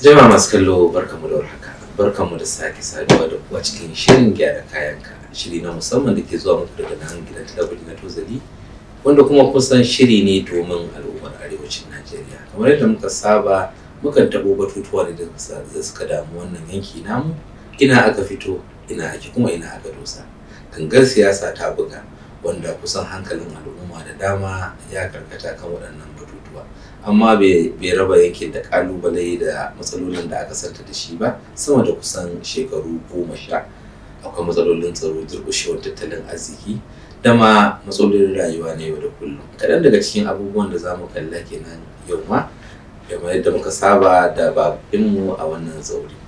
Jama'a masu kallo barkamu da warhaka. Barkamu da sake saduwa da kuwa cikin shirin gyara ka Shiri na musamman da ke zuwa muku daga nan gidan talabijin na Tozali wanda kuma kusan shiri ne domin al'ummar arewacin Najeriya. Kamar yadda muka saba mukan taɓo batutuwa da da suka damu wannan yanki namu ina aka fito ina ake kuma ina aka dosa. Gangar siyasa ta buga wanda kusan hankalin al'umma da dama ya karkata kan waɗannan batu amma bai raba yake da kalubale da matsalolin da aka santa da shi ba sama da kusan shekaru goma sha akwai matsalolin tsaro durƙushewar tattalin arziki da ma matsalolin rayuwa na yau da kullum kaɗan daga cikin abubuwan da za mu kalla kenan yau ma yamma yadda muka saba da babinmu a wannan zauri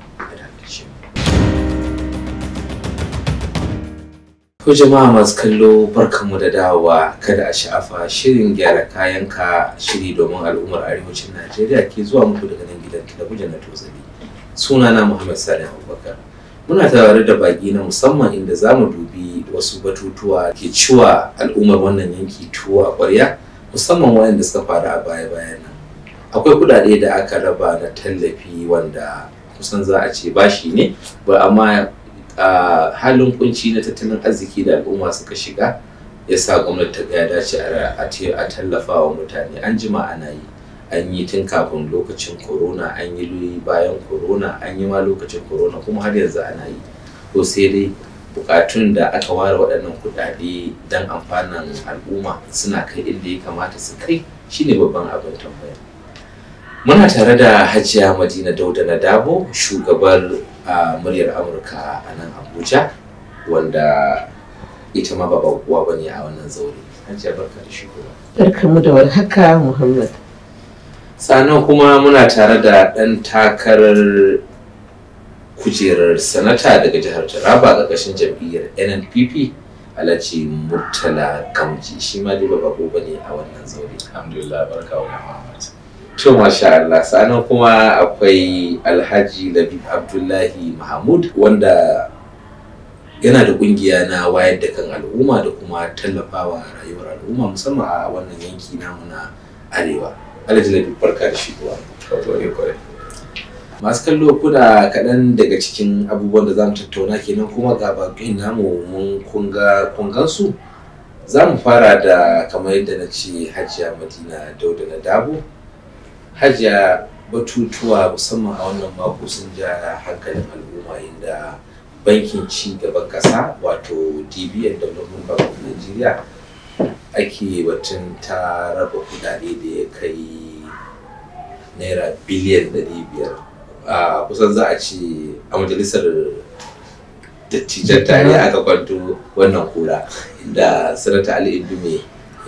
To jama'a masu kallo barkanmu da dawowa kada a sha'afa shirin gyara kayan ka shiri domin al'ummar arewacin Najeriya ke zuwa muku daga nan gidan talabijin na Tozali. na Muhammad Sani Abubakar. Muna tare da baki na musamman inda zamu dubi wasu batutuwa ke ciwa al'ummar wannan yanki tuwo a musamman waɗanda suka faru a baya-bayan nan. Akwai kuɗaɗe da aka raba na tallafi wanda kusan za a ce bashi ne ba amma halin kunci na tattalin arziki da al'umma suka shiga ya sa gwamnati ta gaya dace a tallafa wa mutane an jima ana yi an yi tun kafin lokacin corona an yi bayan corona an yi ma lokacin corona kuma har yanzu ana yi to sai dai bukatun da aka ware waɗannan kuɗaɗe don amfanin al'umma suna kai inda ya kamata su kai shine babban abin tambaya muna tare da hajiya madina dauda na dabo shugabar a muryar amurka a nan abuja wanda ita ma ba kuwa ba ne a wannan zaure hajiya barka da shigowa barka mu da warhaka muhammad sannan kuma muna tare da ɗan takarar kujerar sanata daga jihar taraba ƙarƙashin jam'iyyar nnpp alhaji murtala kamji shi ma dai ba bako ba ne a wannan zaure alhamdulillah barka wa To masha Allah sanan kuma akwai Alhaji Labib Abdullahi Mahmud wanda yana da kungiya na wayar da kan al'umma da kuma tallafawa rayuwar al'umma musamman a wannan yanki namu na arewa. Alhaji Labib barka da shigowa. Masu kallo kuna kaɗan daga cikin abubuwan da za mu tattauna kenan kuma ga bakin namu mun kunga kungansu. Za mu fara da kamar yadda na ce Hajiya Madina Dauda na Dabo. hajiya batutuwa musamman a wannan mako sun ja hankalin al'umma inda bankin ci gaban kasa wato dbn development bank of nigeria ake batun ta raba kudade da ya kai naira biliyan 500 a kusan za a ce a majalisar dattijan tare aka kwanto wannan kura inda sanata ali indume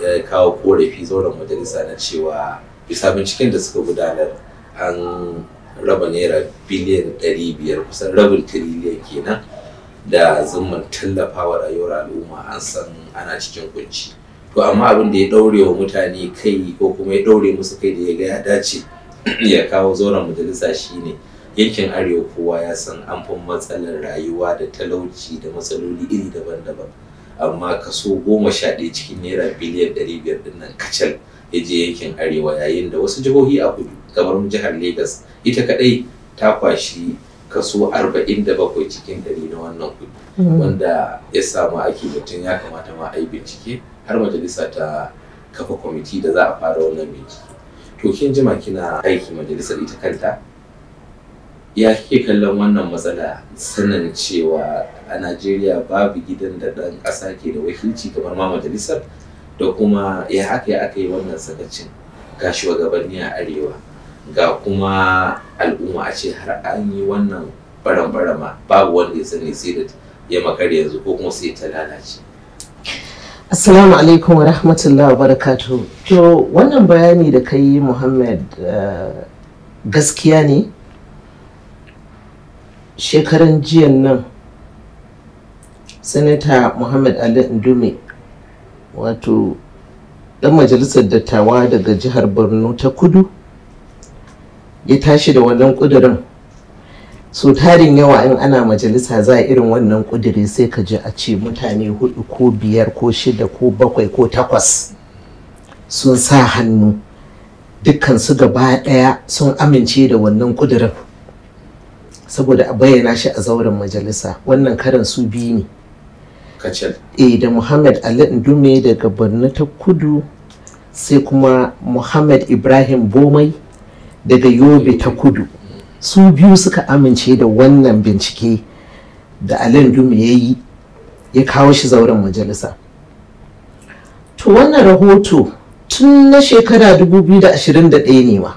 ya kawo korafi zauren majalisa na cewa bisa binciken da suka gudanar an raba naira biliyan 500 kusan rabin tiriliyan kenan da zumman tallafawa rayuwar al'umma an san ana cikin kunci to amma abin da ya daure wa mutane kai ko kuma ya daure musu kai da ya ga ya dace ya kawo zauren majalisa shine yankin arewa kowa ya san an fi matsalar rayuwa da talauci da matsaloli iri daban-daban amma kaso goma sha ɗaya cikin naira biliyan ɗari biyar ɗin kacal ya je yankin arewa yayin da wasu jihohi a kudu kamar jihar Legas ita kadai ta kwashi kaso 47 cikin 100 na wannan kudu. Hmm. wanda ya samu ake batun ya kamata ma a yi bincike har majalisa ta kafa kwamiti da za a fara wannan bincike to kin jima kina aiki majalisar ita kanta ya kike kallon wannan matsala sanin cewa a najeriya babu gidan da ɗan ƙasa ke da wakilci kamar ma majalisar da kuma ya aka yi aka yi wannan sakacin ga shugabanni a arewa ga kuma al'umma a ce har an yi wannan baran-barama babu wanda ya sani sai da ya makar yanzu ko kuma sai ta lalace Assalamu alaikum wa rahmatullahi wa barakatuhu. To wannan bayani da ka yi Muhammad eh, gaskiya ne? Shekaran jiyan nan, Sanata Muhammad Ali Ndumi wato ɗan majalisar dattawa daga jihar borno ta kudu ya tashi da wannan ƙudurin so tarin yawa in ana majalisa za irin wannan ƙuduri sai ka ji a ce mutane hudu ko biyar ko shida ko bakwai ko takwas sun sa hannu dukkan su gaba ɗaya sun amince da wannan ƙudurin saboda a bayyana shi a zauren majalisa wannan karan su biyu ne kacal eh da muhammad ali ndume daga borno ta kudu sai kuma muhammad ibrahim bomai daga yobe ta kudu su biyu suka amince da wannan bincike da ali ndume ya yi ya kawo shi zauren majalisa to wannan rahoto tun na shekara 2021 ne ma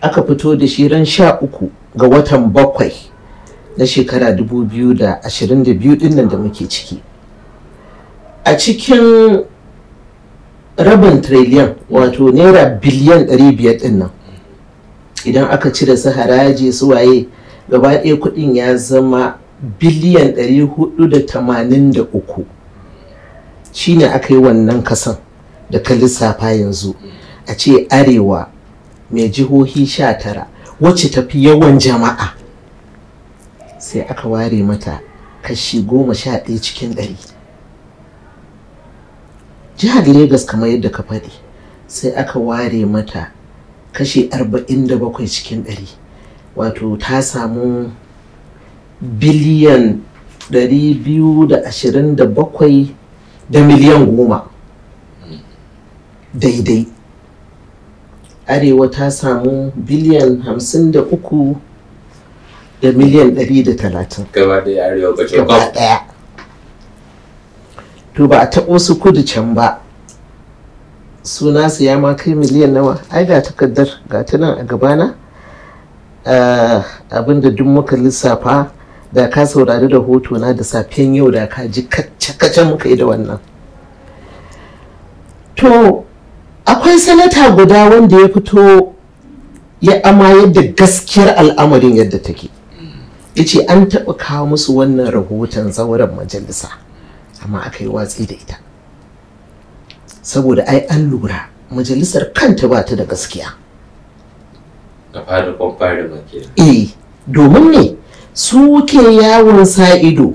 aka fito da shi ran 13 ga watan bakwai na shekara 2022 din nan da muke ciki a cikin rabin triliyan wato naira biliyan 500 din nan idan aka cire su haraji su waye gaba ɗaya kuɗin ya zama biliyan 483 shine aka yi wannan kasan da ka lissafa yanzu a ce arewa mai jihohi 19 wacce tafi yawan jama'a sai aka ware mata kashi goma sha ɗaya cikin ɗari jihar Legas kamar yadda ka faɗi sai aka ware mata kashi arba'in da bakwai cikin ɗari wato ta samu biliyan ɗari biyu da ashirin da bakwai da miliyan goma daidai arewa ta samu biliyan hamsin da uku da miliyan 130 gaba daya arewa gaba to ba a taɓo su kudu can ba suna su ya ma kai miliyan nawa ai ga takardar ga ta nan a gabana eh, abinda duk muka lissafa da ka saurari da hoto na da safiyan yau da ka ji kacce muka yi da wannan to akwai sanata guda wanda ya fito ya amayar da gaskiyar al'amarin yadda take yace an taɓa kawo musu wannan rahoton zauren majalisa amma aka yi watsi da ita saboda ai an lura majalisar kanta ba ta da gaskiya eh domin ne suke yawon sa ido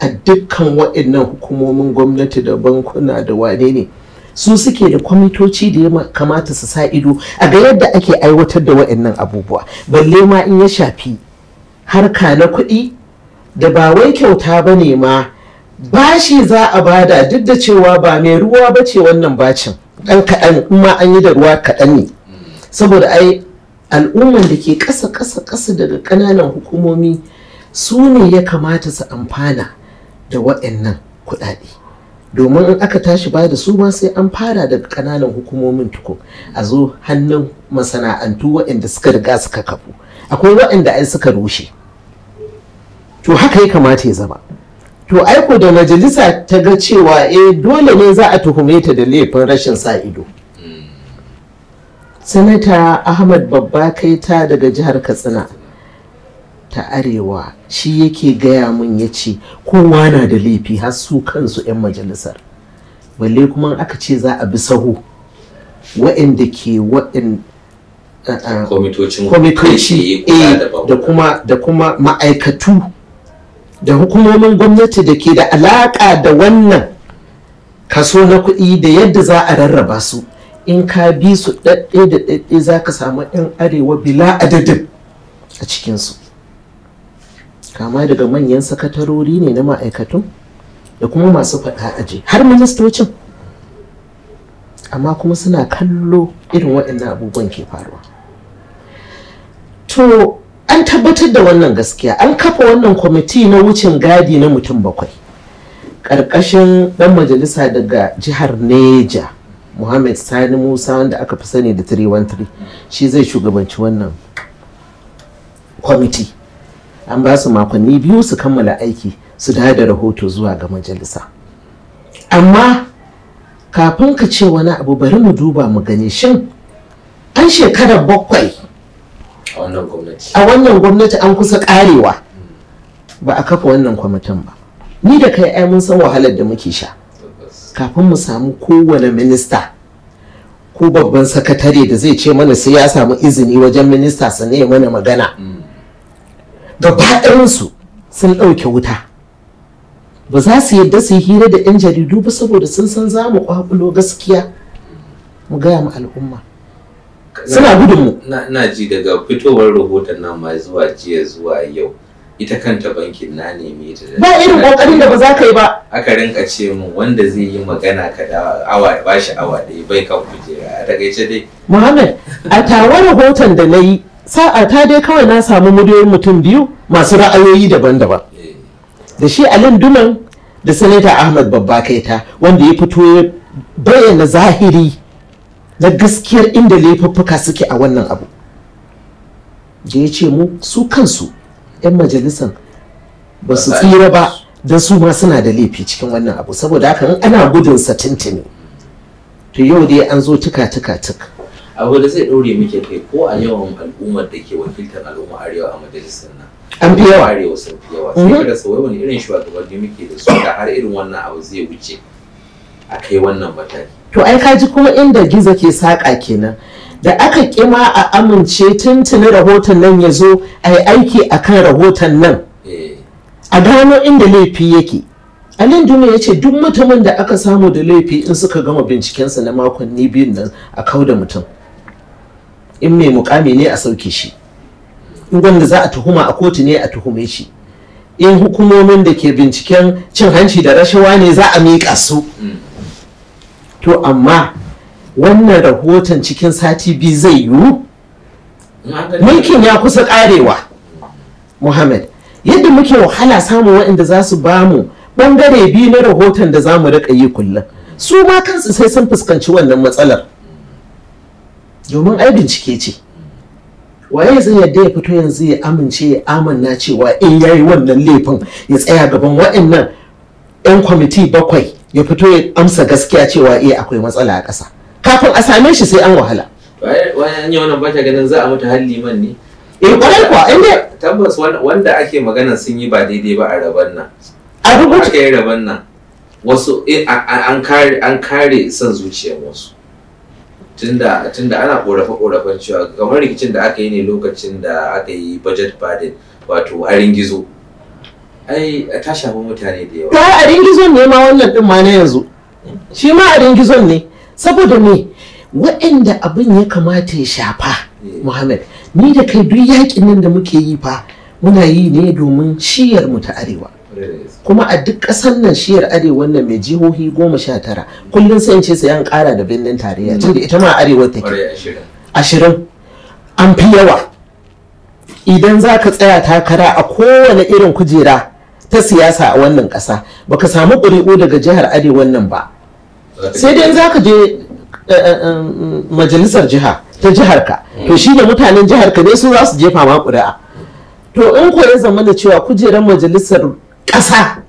a dukkan waɗannan hukumomin gwamnati da bankuna da wane ne su suke da kwamitoci da ya kamata su sa ido a ga yadda ake aiwatar da waɗannan abubuwa balle ma in ya shafi harka na kuɗi da ba wai kyauta ba ne ma bashi za a bada duk da cewa ba mai ruwa ba ce wannan bacin ɗan kaɗan in ma an yi da ruwa kaɗan ne saboda ai al'umman da ke ƙasa ƙasa ƙasa daga ƙananan hukumomi su ne ya kamata su amfana da waɗannan kuɗaɗe domin in aka tashi ba da su ma sai an fara daga ƙananan hukumomin tuku a zo hannun masana'antu waɗanda suka riga suka kafu akwai waɗanda ai suka rushe to haka ya kamata ya zama to aiko da majalisa ta ga cewa eh dole ne za a tuhume ta da laifin rashin sa ido sanata ahmad babba kai ta daga jihar katsina ta arewa shi yake gaya mun ya ce kowa na da laifi har su kansu 'yan majalisar balle kuma aka ce za a bi sahu wa'inda ke wa'in uh, uh, kwamitoci eh, da kuma ma'aikatu da hukumomin gwamnati da ke da alaƙa da wannan kaso na kuɗi da yadda za a rarraba su in ka bi su ɗaɗɗe da ɗaɗɗe za ka samu 'yan arewa bila adadin a cikinsu kama daga manyan sakatarori ne na ma'aikatu da kuma masu faɗa aje har ministocin amma kuma suna kallo irin waɗannan abubuwan ke faruwa to an tabbatar da wannan gaskiya an kafa wannan kwamiti na wucin gadi na mutum bakwai ƙarƙashin ɗan majalisa daga jihar neja muhammad sani musa wanda aka fi sani da 313 shi zai shugabanci wannan kwamiti an ba su makonni biyu su kammala aiki su dawo da rahoto zuwa ga majalisa amma kafin ka ce wani abu bari mu duba mu gani shin an shekarar bakwai a wannan gwamnati an kusa karewa ba a kafa wannan kwamitin ba ni da kai ai mun san wahalar da muke sha kafin mu samu kowane minista ko babban sakatare da zai ce mana sai ya samu izini wajen minista su ne mana magana mm. gaba su sun ɗauke wuta ba za su yadda su yi hira da 'yan jaridu ba saboda sun san za mu kwakulo gaskiya mu gaya ma al'umma suna gudun mu na ji daga fitowar rahoton nan ma zuwa jiya zuwa yau ita kanta bankin na neme ta ba irin kokarin da ba za ka yi ba aka rinka ce mu wanda zai yi magana ka da awa ba shi awa ɗaya bai kan kujera a takaice dai Muhammad a tawa rahoton da na yi sa'a ta dai kawai na samu mudoyin mutum biyu masu ra'ayoyi daban-daban eh. da shi alin dunan da sanata ahmad babba kaita wanda ya fito bayyana zahiri na gaskiyar inda laifuffuka suke a wannan abu da ya ce mu su kansu 'yan majalisan ba su tsira ba don su ma suna da laifi cikin wannan abu saboda haka ana gudun sa tintini to yau dai an zo tuka tuka tuk abu da zai ɗaure muke kai ko a yawan al'ummar da ke wakiltar al'umma arewa a majalisar nan an fi yawa arewa sun fi yawa mhm. sai kada rasa wani irin shugabanni muke da su da har irin wannan abu zai wuce a kai wannan mataki to ai ka ji kuma inda gizo ke saƙa kenan da aka kima a amince tuntuni rahoton nan ya zo a yi aiki akan kan rahoton nan a gano inda laifi yake alin duniya ya ce duk mutumin da aka samu da laifi in suka gama bincikensa na makonni biyun nan a kau da mutum in mai mukami ne a sauke shi in wanda za a tuhuma a kotu ne a tuhume shi in hukumomin da ke binciken cin hanci da rashawa ne za a miƙa su to amma wannan rahoton cikin sati biyu zai yiwu mulkin ya kusa karewa muhammad yadda muke wahala samun waɗanda za su mu ɓangare biyu na rahoton da za mu riƙa yi kullum su ma kansu sai sun fuskanci wannan matsalar domin ai bincike ce waye zai yadda ya fito yanzu ya amince ya amanna cewa in yayi wannan laifin ya tsaya gaban waɗannan 'yan kwamiti bakwai ya fito ya amsa gaskiya cewa iya eh, akwai matsala a ƙasa kafin a same shi sai an wahala wani yi wannan ba ganin za a mutu har liman ne eh kwarai kuwa inda tabbas wanda ake magana sun yi ba daidai ba a raban nan a rubuta kai raban nan wasu eh, an kare an kare son zuciyar wasu tunda tunda ana korafa korafan cewa kamar rikicin da aka yi ne lokacin da aka yi budget burden wato harin gizo ai ta shafi mutane da yawa a ringizon ne ma wannan din ma na yanzu shi ma a ringizon ne saboda me waɗanda abin ya kamata ya shafa eh. muhammad ni da kai duk yakin nan da muke yi fa muna yi ne domin shiyar mu ta arewa kuma a duk ƙasar nan shiyar arewa nan mai jihohi goma sha tara kullum sai in ce sai ƙara da birnin tarayya mm. tunda ita ma arewa take ashirin an fi yawa idan za ka tsaya takara a kowane irin kujera ta siyasa a wannan ƙasa baka samu ƙuri'u daga jihar arewa nan ba sai dai za ka je eh, eh, eh, majalisar jiha ta jihar ka to shi da mutanen jihar ka ne su za su jefa ma ƙuri'a to in ko ya zama da cewa kujerar majalisar ƙasa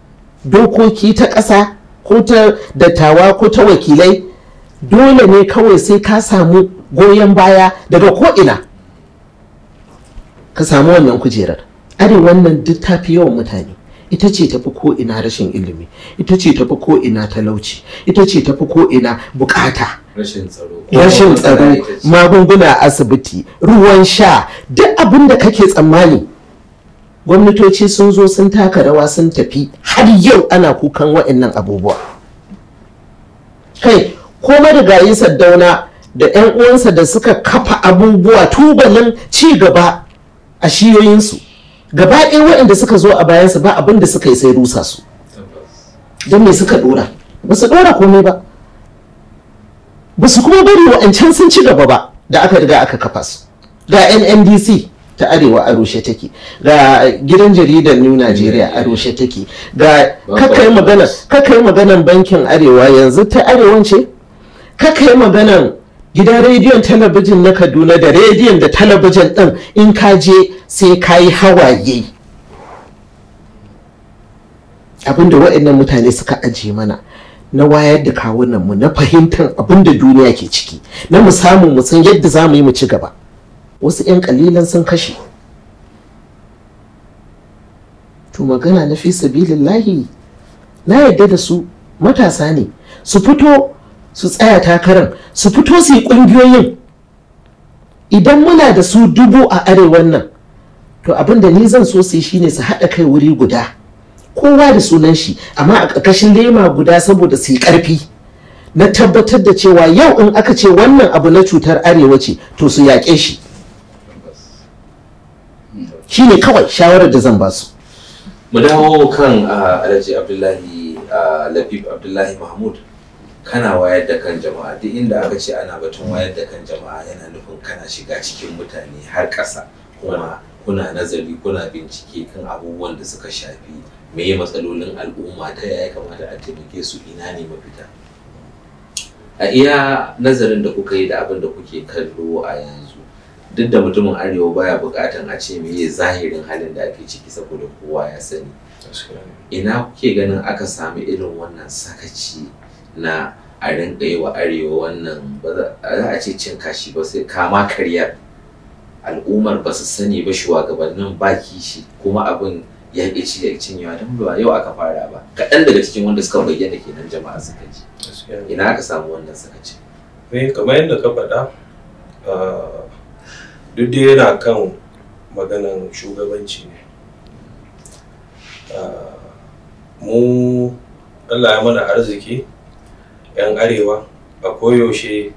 dokoki ta ƙasa ko ta dattawa ko ta wakilai dole ne kawai sai ka samu goyon baya daga ko'ina ka samu wannan kujerar arewa nan duk ta fi yawan mutane ita ce tafi ko ina rashin ilimi ita ce tafi ko ina talauci ita ce tafi ko ina bukata rashin tsaro magunguna asibiti ruwan sha duk abin da kake tsammani gwamnatoci sun zo sun taka rawa sun tafi har yau ana kukan waɗannan abubuwa kai ko marigayi saddauna da 'yan uwansa da suka kafa abubuwa tubalin ci gaba a shiyoyinsu gaba ɗaya waɗanda suka zo a bayansa ba abin da suka yi sai rusa su don me suka ɗora ba su ɗora komai ba ba su kuma bari waɗancan sun ci gaba ba da aka riga aka kafa su ga nndc ta arewa a rushe take ga gidan jaridar new nigeria a rushe take ga kakai maganan bankin arewa yanzu ta arewan ce kakai maganan gidan rediyon talabijin na kaduna da rediyon da talabijin ɗin in ka je sai ka yi hawaye abinda waɗannan mutane suka ajiye mana na wayar da kawunanmu na fahimtar abinda duniya ke ciki na mu samu mu san yadda za mu yi mu ci gaba wasu 'yan kalilan sun kashe to magana na fi sabilillahi na yadda da su matasa ne su fito su tsaya takarar su fito su yi ƙungiyoyin idan muna da su dubu a arewan nan to abin da ni zan so su shine su haɗa kai wuri guda kowa da sunan shi amma a ƙarƙashin lema guda saboda su yi ƙarfi na tabbatar da cewa yau in aka ce wannan abu na cutar arewa ce to su yaƙe shi shine kawai shawarar da zan basu. su mu dawo kan ah, alhaji abdullahi ah, labib abdullahi mahmud kana wayar da kan jama'a duk inda aka ce ana batun wayar da kan jama'a yana nufin kana shiga cikin mutane har ƙasa kuma kuna nazari kuna bincike kan abubuwan da suka shafi yi matsalolin al'umma ta yaya kamata a taimake su ina ne mafita a iya nazarin da kuka yi da abin da kuke kallo a yanzu duk da mutumin arewa baya bukatan a ce yi zahirin halin da ake ciki saboda kowa ya sani ina kuke ganin aka sami irin wannan sakaci na a rinka yi wa arewa wannan ba za a ce cin kashi ba sai kama karya al'ummar ba su sani ba shugabannin baki shi kuma abin ya ke ci da cinyewa don ba yau aka fara ba kaɗan daga cikin wanda suka bayyana kenan jama'a suka ji ina aka samu wannan suka ci eh, kamar yadda ka faɗa ah, duk da yana kan maganan shugabanci ne ah, mu Allah ya mana arziki 'yan arewa a koyaushe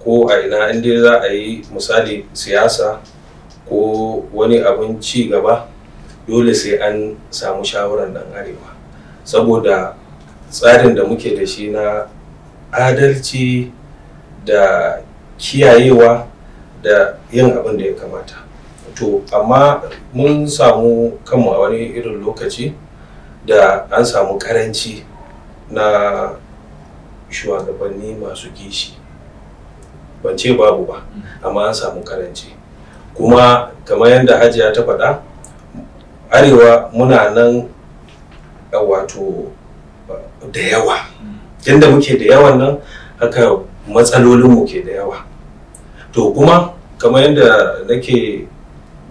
ko a ina inda za a yi misali siyasa ko wani abin ci gaba dole sai an samu shawarar dan arewa saboda tsarin da muke da shi na adalci da kiyayewa da yin abin da ya kamata to amma mun samu kanmu a wani irin lokaci da an samu karanci na shugabanni masu kishi ban ce babu ba amma an samu karanci kuma kamar yadda hajiya ta faɗa arewa muna nan wato da yawa yadda muke da yawan nan haka matsalolinmu ke da yawa to kuma kamar yadda nake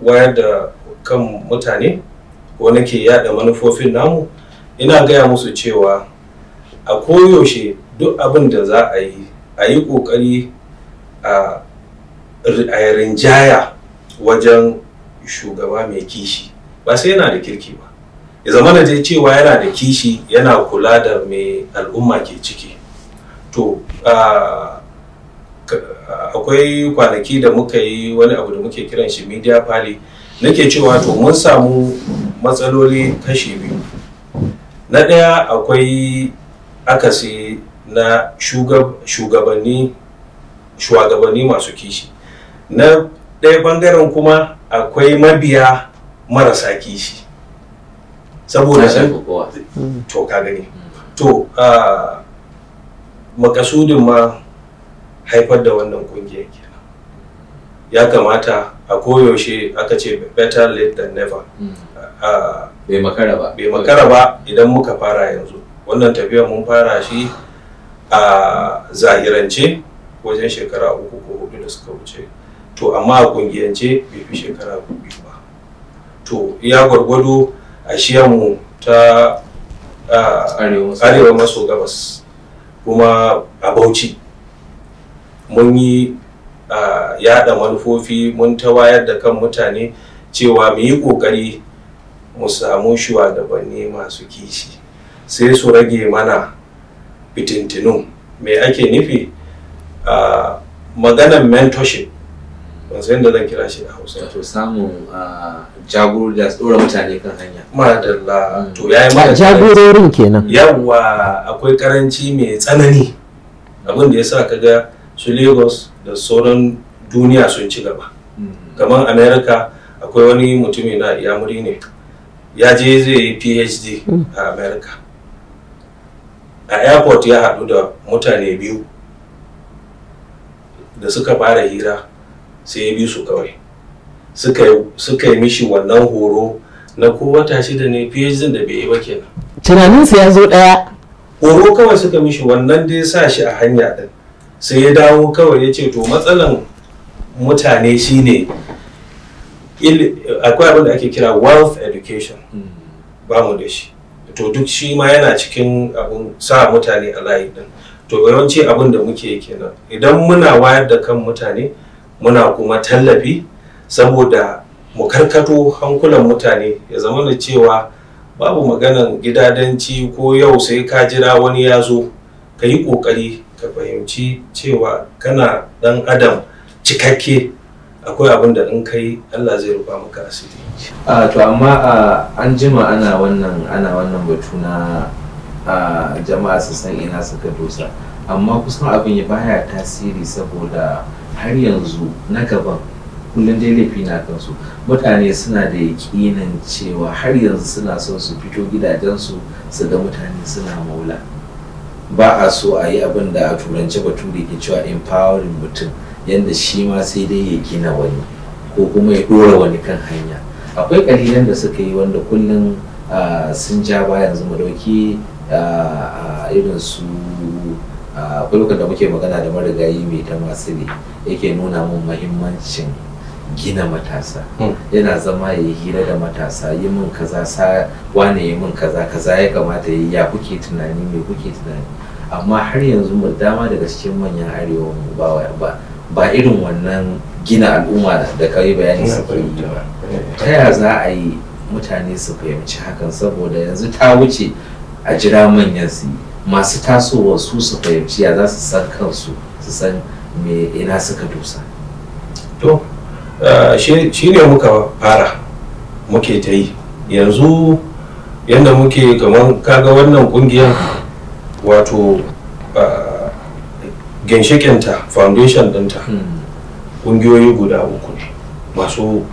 wayar da kan mutane ko nake yada manufofin namu ina gaya musu cewa a koyaushe duk abin da za a yi a yi ƙoƙari a rinjaya wajen shugaba mai kishi ba sai yana da kirki ba ya zama da zai cewa yana da kishi yana kula da mai al'umma ke ciki to akwai kwanaki da muka yi wani abu da muke kiran shi media pali nake cewa to mun samu matsaloli kashi biyu na ɗaya akwai akasi na shugabanni masu kishi na ɗaya bangaren kuma akwai mabiya marasa kishi saboda san to ka gani mm. to makasudin ma haifar da wannan kungiyar kenan ya kamata a koyaushe aka ce better late than never mm. ba bai makara ba idan muka fara yanzu wannan tafiya mun fara shi a zahirance wajen shekara uku ko hudu da suka wuce to amma a kungiyance bai fi shekara biyu ba to ya gwargwado a shiyanmu ta arewa maso gabas kuma a bauchi mun yi yada manufofi mun ta wayar da kan mutane cewa mu yi kokari mu samu shugabanni masu kishi sai su rage mana fitintinu me ake nufi a maganar mentorship wasu yadda zan kira shi a hausa to samun jagoro da tsora mutane kan hanya maradalla mm. to yi mara jagororin kenan yawwa akwai karanci mai tsanani abin da sa kaga su Lagos da sauran duniya sun ci gaba mm. kamar America akwai wani mutumi na iyamuri ne ya je zai yi PhD mm. a America a airport ya haɗu da mutane biyu da suka fara hira sai ya bi su kawai suka yi mishi wannan horo na ko wata shida ne phd da bai yi ba kenan tunaninsa ya zo ɗaya horo kawai suka mishi wannan da ya sa shi a hanya ɗin sai ya dawo kawai ya ce to matsalan mutane shine akwai abin da ake kira wealth education hmm. ba mu da shi to duk shi ma yana cikin abun sa mutane a layi din to yawanci abun da muke kenan idan muna wayar da kan mutane muna kuma tallafi saboda mu karkato hankulan mutane ya zama da cewa babu maganan gidadanci ko yau sai ka jira wani ya zo ka yi ƙoƙari ka fahimci cewa kana ɗan adam cikakke akwai abin da in kai Allah zai rufa maka asiri a to amma an jima ana wannan ana wannan batu na jama'a su san ina suka dosa amma kusan abin ya baya tasiri saboda har yanzu na gaba kullum dai laifi na kansu mutane suna da yakinin cewa har yanzu suna son su fito gidajensu su ga mutane suna maula ba a so a yi abin da a turanci da ke cewa empowering mutum Yanda shi ma sai dai ya gina wani ko kuma ya dora wani kan hanya akwai kalilan da suka yi wanda kullum sun ja ba yanzu mu dauki irin su kulkan da muke magana da marigayi mai ta masu ne yake nuna mun mahimmancin gina matasa hmm. yana zama ya yi hira da matasa yi min kaza sa wane yi min kaza kaza ya kamata yi ya kuke tunani mai kuke tunani amma har yanzu mu dama daga cikin manyan arewa mu ba ba irin wannan gina al'umma da ka yi bayani su yi ba ta ya za a yi mutane su fahimci hakan saboda yanzu ta wuce a jira manyan su masu tasowa su su fahimci ya za su san kansu su san me ina suka dosa to eh, shi ne muka fara muke ta yi yanzu yadda muke kamar kaga wannan kungiyar wato eh, ginshikinta foundation dinta hmm. ƙungiyoyi guda uku ne masu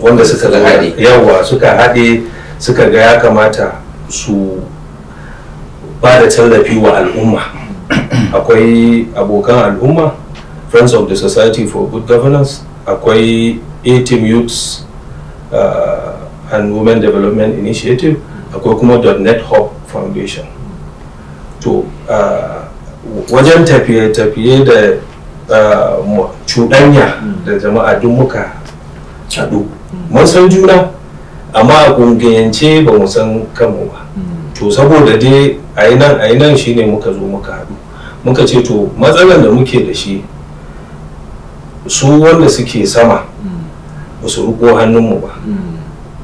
wanda suka haɗe yawwa suka haɗe suka ga ya kamata su ba da tallafi wa al'umma hmm. akwai abokan al'umma friends of the society for good governance akwai a team youths uh, and women development initiative akwai kuma .net hub foundation hmm. to uh, wajen tafiye-tafiye da uh, cuɗanya da jama'a duk muka haɗu mun san juna amma a ƙungiyance ba mu san kanmu ba to saboda dai a yi nan a yi nan shine muka zo muka haɗu muka ce to matsalar da muke da shi su wanda suke sama ba su riko hannunmu ba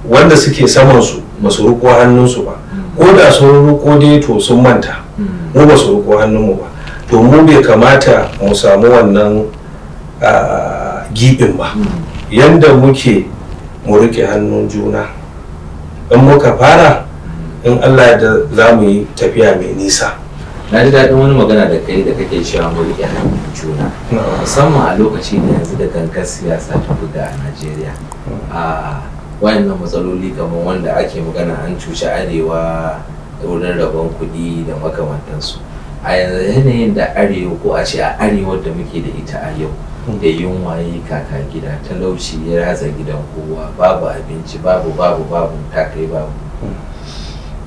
wanda suke samansu ba su riko hannunsu ba ko da sun riko dai to sun manta mu ba su riko hannunmu ba to mu bai kamata mu samu wannan gibin ba hmm. Yadda muke mu riƙe hannun juna in muka fara in allah da za mu yi tafiya mai nisa na ji daɗin wani magana da kai da kake cewa mu riƙe hannun juna musamman a lokacin da yanzu da gangar siyasa ta buga a najeriya hmm. a wayannan matsaloli kamar wanda ake magana an cuci arewa wurin rabon kuɗi da makamantansu a yanzu yanayin da arewa ko a ce a arewa da muke da ita a yau da yunwa kaka gida talauci ya ratsa gidan kowa babu abinci babu babu babu takai babu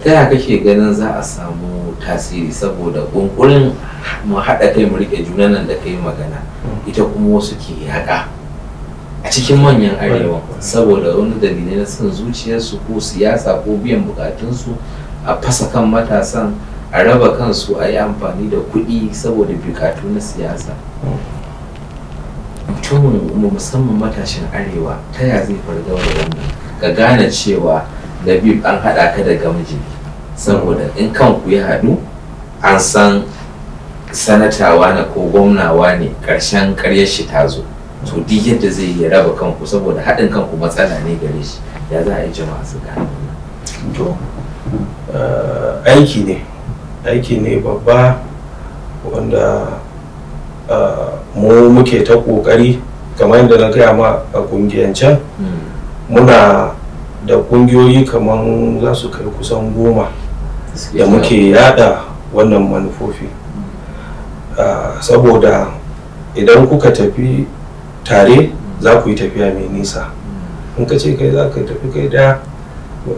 ta kake ganin za a samu tasiri saboda gungurin mu haɗa kai mu riƙe juna nan da kai magana ita kuma wasu ke haƙa a cikin manyan arewa saboda wani dalilai na son zuciyarsu ko siyasa ko biyan bukatunsu a fasa kan matasan a raba kansu a yi amfani da kuɗi saboda bukatu na siyasa mutumin musamman matashin arewa ta ya zai farga da wannan ga gane cewa labib an haɗa ka da gamji saboda in kanku ya haɗu an san sanatawa na ko gwamnawa ne ƙarshen ƙaryar shi ta zo to duk yadda zai yi raba kanku saboda haɗin kanku matsala ne gare shi ya za a yi jama'a su gane to eh, aiki ne aiki ne babba wanda mu muke ta kokari kamar yadda na gaya ma a can muna da kungiyoyi kamar za su kai kusan goma da muke yada wannan manufofi saboda idan kuka tafi tare za ku yi tafiya mai nisa in ka ce kai za ka tafi kai daya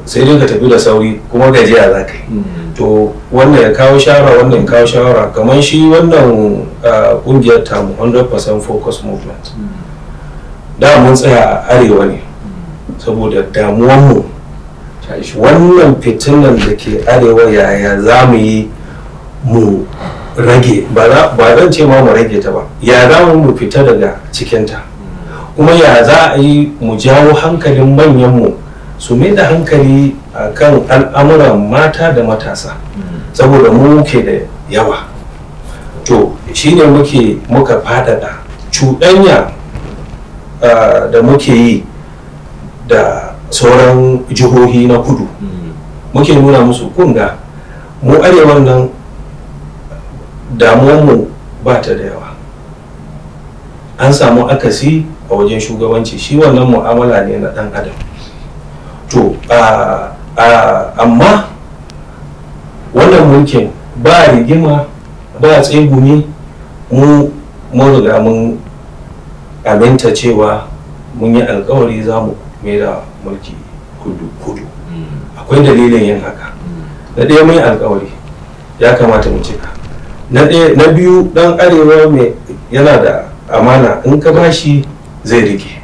sai dai ka tafi da sauri kuma gajiya za ka yi hmm. to wannan ya kawo shawara wannan ya kawo shawara kamar shi wannan kungiyar tamu 100% focus movement hmm. da mun tsaya a arewa ne hmm. saboda damuwanmu wannan fitinan da ke arewa yaya za mu yi mu rage ba zan ce ma mu rage ta ba ya za mu fita daga cikinta kuma ya za a yi mu jawo hankalin manyanmu su mai da hankali a kan al'amuran mata da matasa saboda mu ke da yawa to shi ne muke muka faɗaɗa cuɗanya da muke yi da sauran jihohi na kudu muke nuna musu kunga mu arewan nan damuwanmu ba ta da yawa an samu akasi a wajen shugabanci shi wannan mu'amala ne na ɗan adam to amma wannan mulkin ba rigima ba tsegumi mu mun riga mun aminta cewa mun yi alkawari za mu da mulki kudu kudu hmm. akwai dalilin yin haka hmm. na ɗaya mun yi alkawari ya kamata mu cika na biyu ɗan arewa mai yana da amana in ka bashi zai rike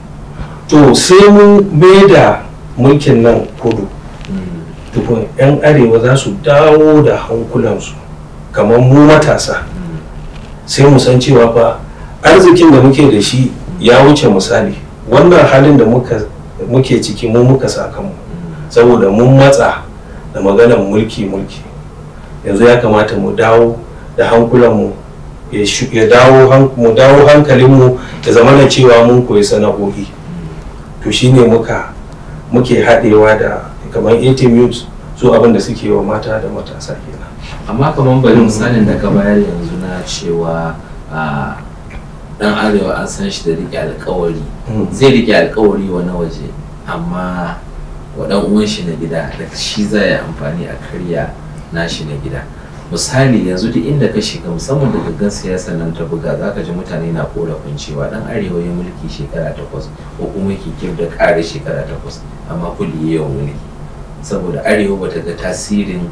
to sai mun da mulkin nan kudu tukun 'yan arewa za su dawo da hankulansu kamar mu matasa sai mu san cewa fa arzikin da muke da shi ya wuce misali wannan halin da muke ciki mu muka mu saboda mun matsa da maganar mulki-mulki yanzu ya kamata mu dawo da hankulanmu ya dawo mu dawo hankalinmu da zama na cewa mun koyi sana'o'i to shine muka muke haɗewa da kamar 80 su abin da suke wa mata da matasa kenan amma kamar bari mm. misalin da ka bayar yanzu na cewa dan arewa an san shi da rike alkawari mm. zai riƙe alkawari wa na waje amma wa dan uwan shi na gida da shi zai amfani a karya nashi na gida misali yanzu duk inda ka shiga musamman da gaggan siyasa nan ta buga za ka ji mutane na korafin cewa dan arewa ya mulki shekara takwas ko kuma yake kif da ƙare shekara takwas amma kudi yau mulki saboda arewa bata ga tasirin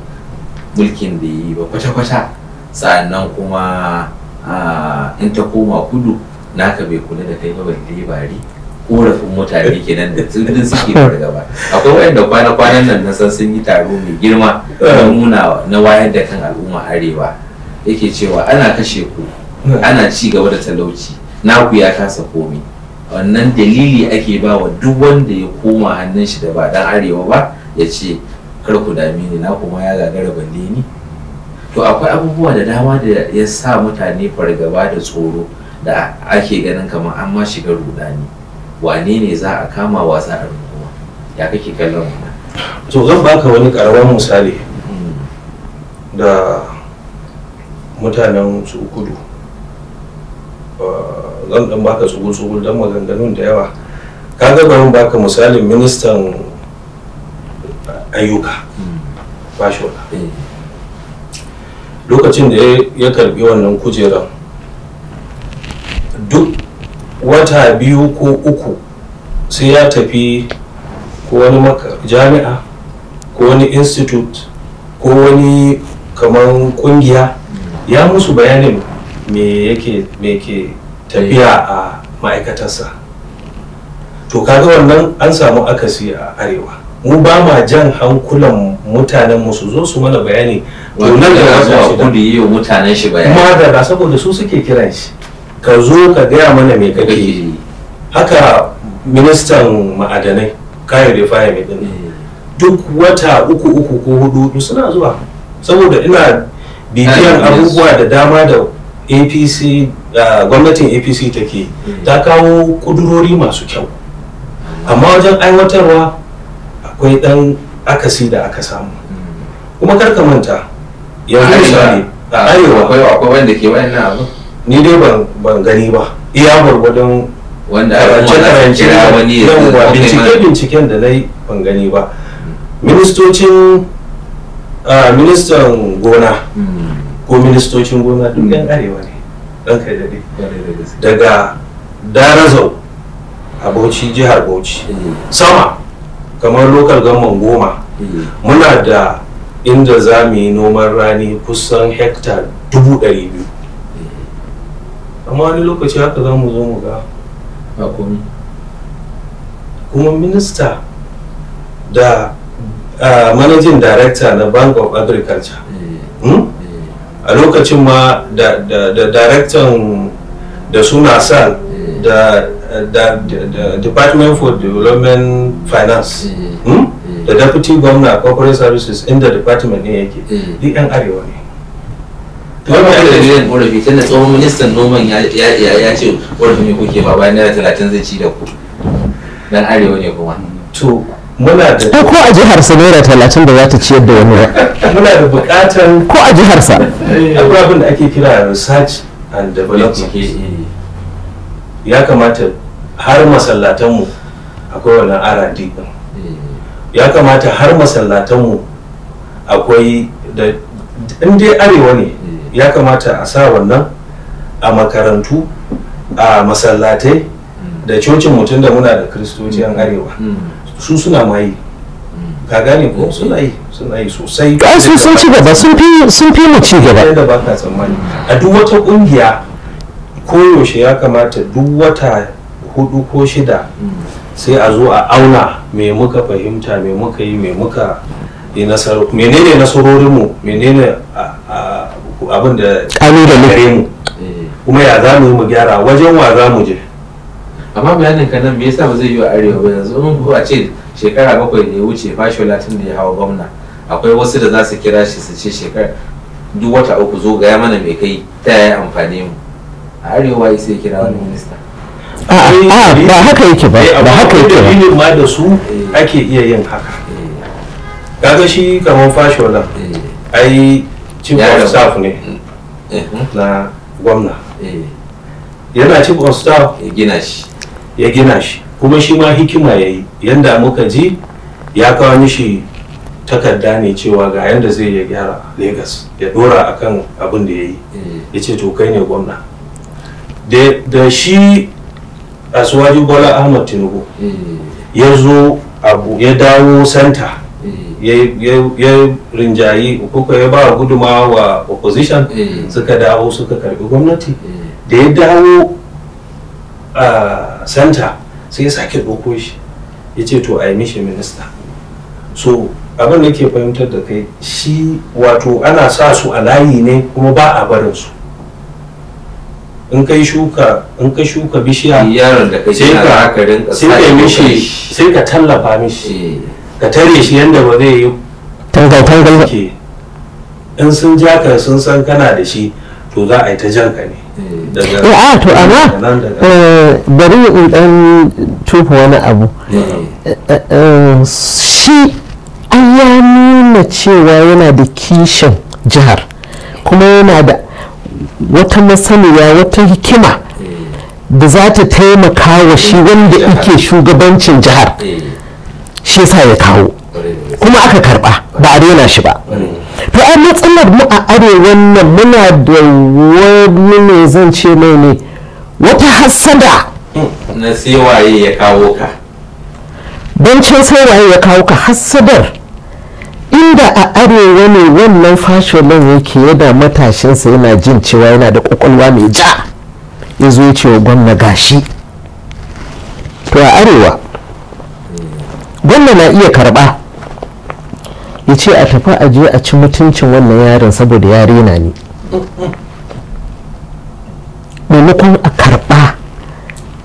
mulkin da yi ba kwata-kwata sannan kuma ah, in ta koma kudu naka bai kula da kai ba balle bari korafin mutane kenan da suke fargaba akwai wayanda kwana kwanan nan na san sun yi taro mai girma na eh. nuna na wayar da kan al'umma arewa yake cewa ana kashe ku ana ci gaba da talauci naku ya kasa komi wannan dalili ake ba wa duk wanda ya koma hannun shi da ba dan arewa ba ya ce kar ku dame ni na kuma ya gagara balle ni to akwai abubuwa da dama da ya sa mutane fargaba da tsoro da ake ganin kamar an ma shiga rudani wane ne za a kama wasa a runguma ya kake kallon wannan to zan baka wani karamin misali hmm. da mutanen su kudu zan dan baka su tsugul don maganganun da yawa kaga bari baka misalin ministan ayyuka hmm. ba shi eh. lokacin da ya karbi wannan kujeran duk wata biyu ko uku sai ya tafi ko wani jami'a ko wani institute ko wani kamar kungiya ya musu bayanin me yake ke tafiya a ma'aikatarsa to kaga wannan an samu akasi a arewa mu ba ma jan hankulan mutanen su zo su mana bayani wannan da wasu da mutanen shi bayani da saboda su suke kiran shi ka zo ka gaya mana mai kake yi haka ministan ma'adanai kayan da ya refinement ɗin duk wata uku uku ko hudu suna zuwa saboda ina bibiyan abubuwa da dama da apc gwamnatin apc take mm. ta kawo kudurori masu kyau amma wajen aiwatarwa akwai dan akasi da aka samu mm. kuma karka manta yanzu misali a arewa akwai wanda ke wayannan abu ni dai ban gani ba iya gwargwadon wanda karance-karance yawa bincike-binciken da na yi ban gani ba ministocin ministan gona hmm. ko ministocin gona duk yan hmm. arewa ne ɗan kai daɗe daga darazau a bauchi jihar bauchi hmm. sama kamar lokal gamman goma muna da inda za mu yi noman rani kusan hekta dubu ɗari biyu amma wani lokaci haka za mu zo mu ga komi kuma minista da manajin managing director na bank of agriculture eh, hmm? eh. a lokacin ma da, director da suna san eh. da, department for development finance hmm? da deputy governor corporate services inda department ne yake duk yan arewa ne wannan da dalilin korafi tun da tsohon ministan noman ya ce korafin ne kuke ba bayan naira talatin zai ci da ku dan arewa ne kuma to muna da ko a jihar sa naira talatin da za ta ciyar da wani muna da bukatar ko a jihar sa akwai abin da ake kira research and development eh. ya kamata har masallatanmu akwai wannan R&D eh. ya kamata har masallatanmu akwai da in dai arewa ne ya kamata a sa wannan a makarantu a masallatai da cocin mutum da muna da kristoci mm. an arewa mm. su suna mai mm. ka gane ko suna yi suna yi sosai to su sun ci gaba sun fi sun fi mu ci gaba da ba ka tsammani a duk wata kungiya koyaushe ya kamata duk wata hudu ko shida sai a zo a auna me muka fahimta me muka yi me muka yi nasarorinmu menene abin da kalubale mu eh, kuma ya za mu yi mu gyara wajen wa za mu je amma bayanin ka nan me yasa ba zai yi wa arewa ba yanzu in ko a ce shekara bakwai ne wuce fashe latin da ya hawa gwamna akwai wasu da za su kira shi su ce shekara duk wata uku zo gaya mana mai kai ta yaya amfani mu a arewa ya sai kira wani mm. minista eh, ba eh, haka yake ba ba haka yake ba dalilin ma da su ake iya yin haka kaga shi kamar fashola ai chief of staff ne eh, hmm? na gwamna eh. yana of staff ya gina shi ya gina shi kuma shi ma hikima ya yi yadda muka ji ya kawo mishi takarda ne cewa ga yadda zai ya gyara lagos ya dora akan abin da ya yi eh. ya ce to kai ne gwamna da shi asuwaji bola ahmad tinubu ya zo ya dawo santa ya rinjayi kuka ya ba guduma wa opposition eh. suka dawo suka karbi gwamnati eh. da ya dawo a center sai ya sake ɗauko shi ya ce to a yi mishi minista so abin da ke fahimtar da kai shi wato ana sa su a layi ne kuma ba a barin in kai shuka ka shuka bishiya sai ka tallafa mishi eh. ka tare shi yadda ba zai yi tangal tangal ba in sun ja ka sun san kana da shi to za a yi ta jan ka ne eh. Eh, a to amma eh, bari in dan tufa wani abu shi an ya nuna cewa yana da kishin jihar kuma yana da wata masaniya wata hikima da za ta taimaka wa shi wanda ike shugabancin jihar shi yasa ya kawo kuma aka karba ba a daina shi ba to a matsalar mu a arewan nan muna da wani ne zan ce mai ne wata hassada na waye ya kawo ka don ce sai waye ya kawo ka hassadar inda a arewa ne wannan fashilin yake da matashinsa yana jin cewa yana da kwakwalwa mai ja ya zo ya ce wa gwamna gashi to a arewa gwamna na iya karba ya ce a tafi a je a ci mutuncin wannan yaron saboda ya rena ne maimakon a karba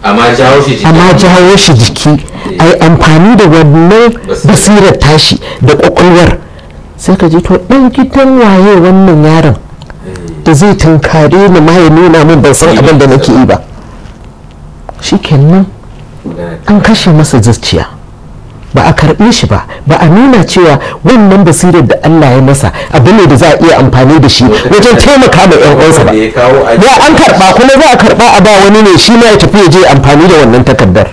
amma jawo shi jiki a yi amfani da wannan basirar tashi da kwakwalwar sai ka ji to ɗan gidan waye wannan yaron da zai tunkare ni ma ya nuna min ban san abin da nake yi ba shi kenan an kashe masa zuciya ba a karɓi shi ba ba a nuna cewa wannan basirar da Allah ya masa abu ne da za a iya amfani da shi wajen taimaka ma yan uwansa ba ya an karba kuma za a karɓa a ba wani ne shi ma ya tafi ya je amfani da wannan takardar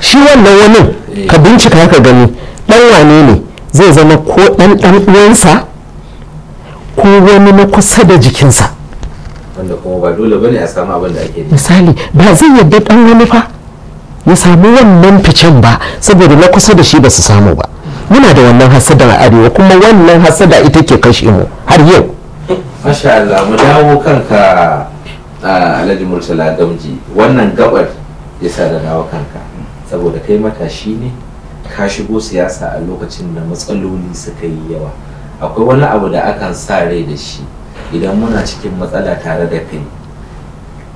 shi wannan wani ka bincika ka gani dan wane ne zai zama ko dan dan uwansa ko wani na kusa da jikinsa wanda kuma ba dole bane a samu abin da ake misali ba zai yadda dan wani fa ya samu wannan ficen ba saboda na kusa da shi ba su samu ba muna da wannan hasada a arewa kuma wannan hasada ita ke kashe mu har yau masha Allah mu dawo kanka Alhaji Murtala Gamji wannan gabar ya sa da dawo kanka saboda kai matashi ne ka shigo siyasa a lokacin da matsaloli suka yi yawa akwai wani abu da akan sa rai da shi idan muna cikin matsala tare da kai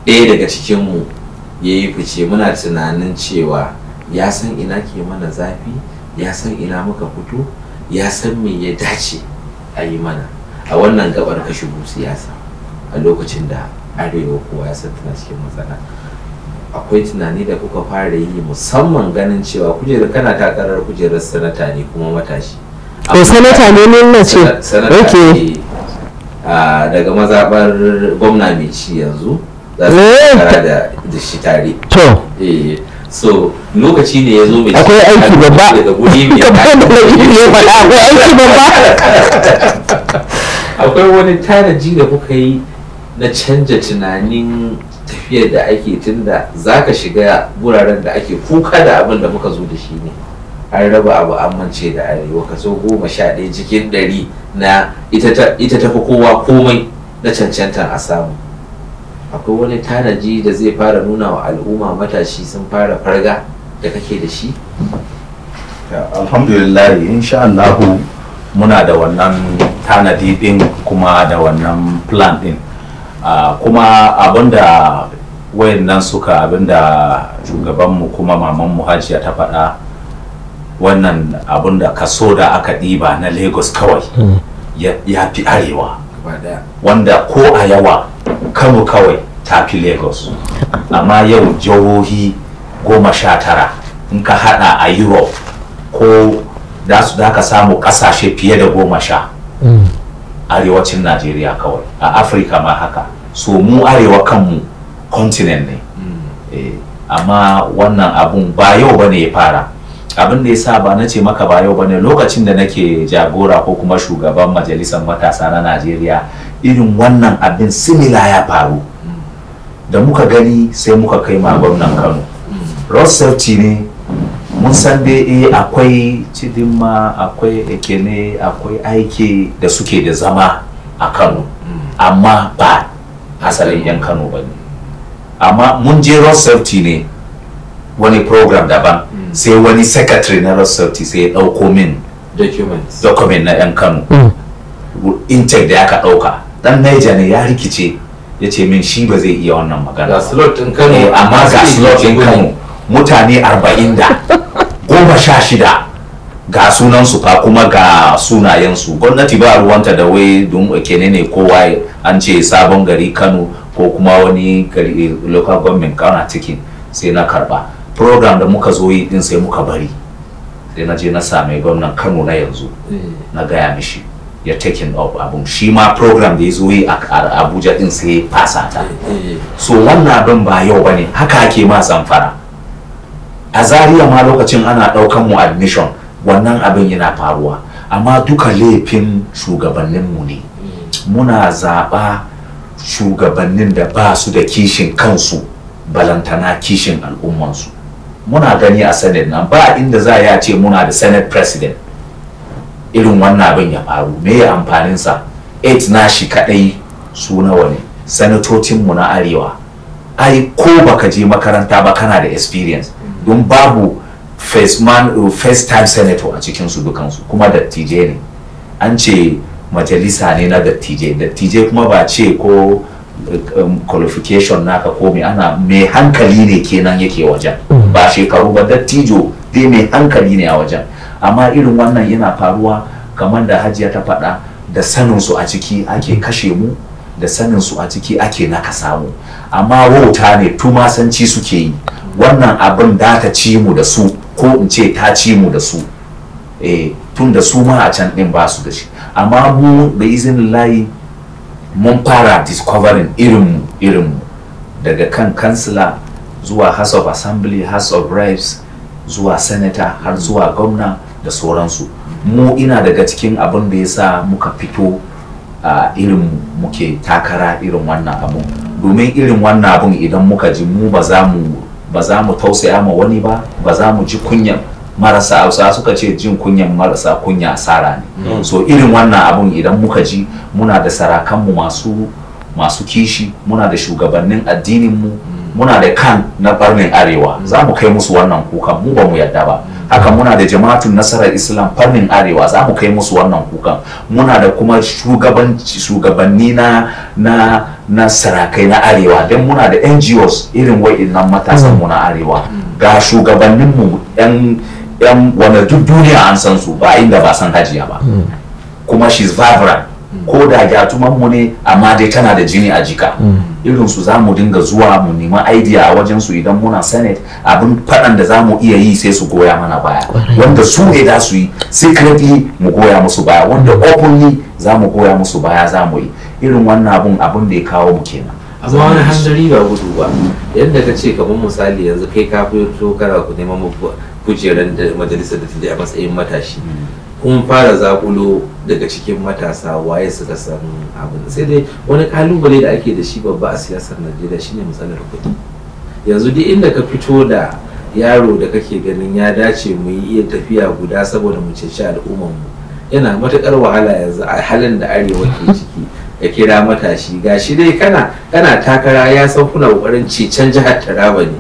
ɗaya daga cikinmu ya yi fice muna tunanin cewa ya san ina ke mana zafi ya san ina muka fito ya san me ya dace a yi mana a wannan gabar ka shigo siyasa a lokacin da arewa kowa ya san tana cikin matsala akwai tunani da kuka fara yi musamman ganin cewa kujera kana takarar kujerar sanata ne kuma matashi ko sanata ne na ce sanata ne ah, daga mazaɓar gwamna mai ci yanzu Eh? za su kara da shi tare to eh, so lokaci ne ya zo mai akwai aiki babba akwai aiki babba akwai wani tanaji da kuka yi na canja tunanin tafiyar da ake tunda za ka shiga wuraren da ake kuka da abin da muka zo da shi ne an raba abu amince da arewa kaso goma sha ɗaya cikin ɗari na ita tafi kowa komai na cancantan a samu akwai wani tanaji da zai fara nuna wa al'umma matashi sun fara farga da kake da shi alhamdulillah insha Allahu muna da wannan tanadi din kuma da wannan plan din kuma abinda nan suka abinda shugabanmu kuma mamanmu hajiya ta faɗa wannan abinda kaso da aka ɗiba na lagos kawai hmm. ya fi arewa wanda ko a yawa kano kawai tafi fi lagos amma yau jihohi goma sha tara in ka hada a europe ko da su da ka samu kasashe fiye da goma sha mm. arewacin najeriya kawai a afirka ma haka so mu arewa kanmu kontinent ne mm. eh, amma wannan abun ba yau ba ne ya fara abin da ya sa ba na ce maka ba yau ba ne lokacin da nake jagora ko kuma shugaban majalisar matasa na najeriya irin wannan abin simila ya faru da muka gani sai muka kai ma gwamnan kano road safety ne mun san dai eh, akwai cidimma akwai ekene akwai aiki da suke da zama a kano amma ba asalin yan kano ba ne amma mun je road ne wani program daban sai wani secretary na road sai ya dauko min document na yan kano mm. intake da aka dauka dan Niger ne ya rikice yace min shi ba zai iya wannan magana ga slot Kano eh, amma ga slot din Kano mutane 40 da goma sha shida ga sunan su fa kuma ga sunayen su gwamnati ba ruwanta da wai dun kene ne kowa an ce sabon gari Kano ko kuma wani gari eh, local government kana cikin sai na karba program da muka zo yi din sai muka bari sai na je na same gwamnan Kano na yanzu eh. na gaya mishi ya taken up abun shi ma program da ya zo yi a abuja din sai fasa ta eh, eh. so wannan abin ba yau bane haka ake ma zamfara a zariya ma lokacin ana daukan mu admission wannan abin yana faruwa amma duka laifin mu ne hmm. muna zaba shugabannin da ba su da kishin kansu balantana kishin al'ummansu muna gani a senate nan ba inda za a ce muna da senate president irin wannan abin ya faru me ya sa eight na shi kadai su nawa ne mu na arewa ai ko baka je makaranta ba kana da experience don babu first man first time senator a cikin su dukansu kuma dattijai ne an ce majalisa ne na dattijai dattijai kuma ba ce ko um, qualification naka ko me ana mai hankali ne kenan yake wajen mm. ba shekaru ba dattijo dai mai hankali ne a wajen amma irin wannan yana faruwa kamar da hajiya ta faɗa da sanin su a ciki ake kashe mu da sanin su a ciki ake nakasa mu amma wauta ne tumasanci suke yi wannan abin da ta ci mu da su ko in ce ta ci mu da su eh tun da su ma a can din ba su da shi amma mu da izinin layi mun fara discovering irinmu irinmu daga kan kansila zuwa house of assembly house of rights. zuwa sanata har zuwa gwamna da sauransu mu ina daga cikin abin da ya sa muka fito a irin muke takara irin wannan abun domin irin wannan abun idan muka ji mu ba za mu tausaya ma wani ba ba za mu ji kunyan marasa hausa suka ce jin kunyan marasa kunya asara ne mm. so irin wannan abun idan muka ji muna da sarakanmu masu masu kishi muna da shugabannin addininmu muna da kan na farnin arewa za mu kai musu wannan kukan mu ba mu yadda ba haka muna da jama'atun nasarar islam farnin arewa za mu kai musu wannan kukan muna da kuma shugabanni na na na sarakai na arewa don muna da ngos irin nan matasan mu na arewa ga shugabanninmu yan yan wanda duk duniya an san su ba inda ba san hajiya ba hmm. kuma shi vibrant ko da gyatuman mu ne amma dai tana da jini a jika mm. irin su za mu dinga zuwa mu nema idea a wajen su idan muna senate abin faɗan da zamu iya yi sai su goya mana baya wanda su ne da su yi secretly mu goya musu baya wanda mm. openly za goya musu baya za yi irin wannan abun abin da ya kawo mu kenan amma wani hanzari ba gudu ba yadda ka ce kamar misali yanzu kai ka fito kana ku neman kujerar da majalisar da ta a matsayin matashi mm. kun fara zakulo daga cikin matasa waye suka san abin sai dai wani kalubale da ake da shi babba a siyasar najeriya shine matsalar kuɗi yanzu duk inda ka fito da yaro da kake ganin ya dace mu yi iya tafiya guda saboda mu cece al'ummar mu yana matukar wahala yanzu a halin da arewa ke ciki ya kira matashi gashi dai kana kana takara ya san kuna kokarin cecen jihar taraba ne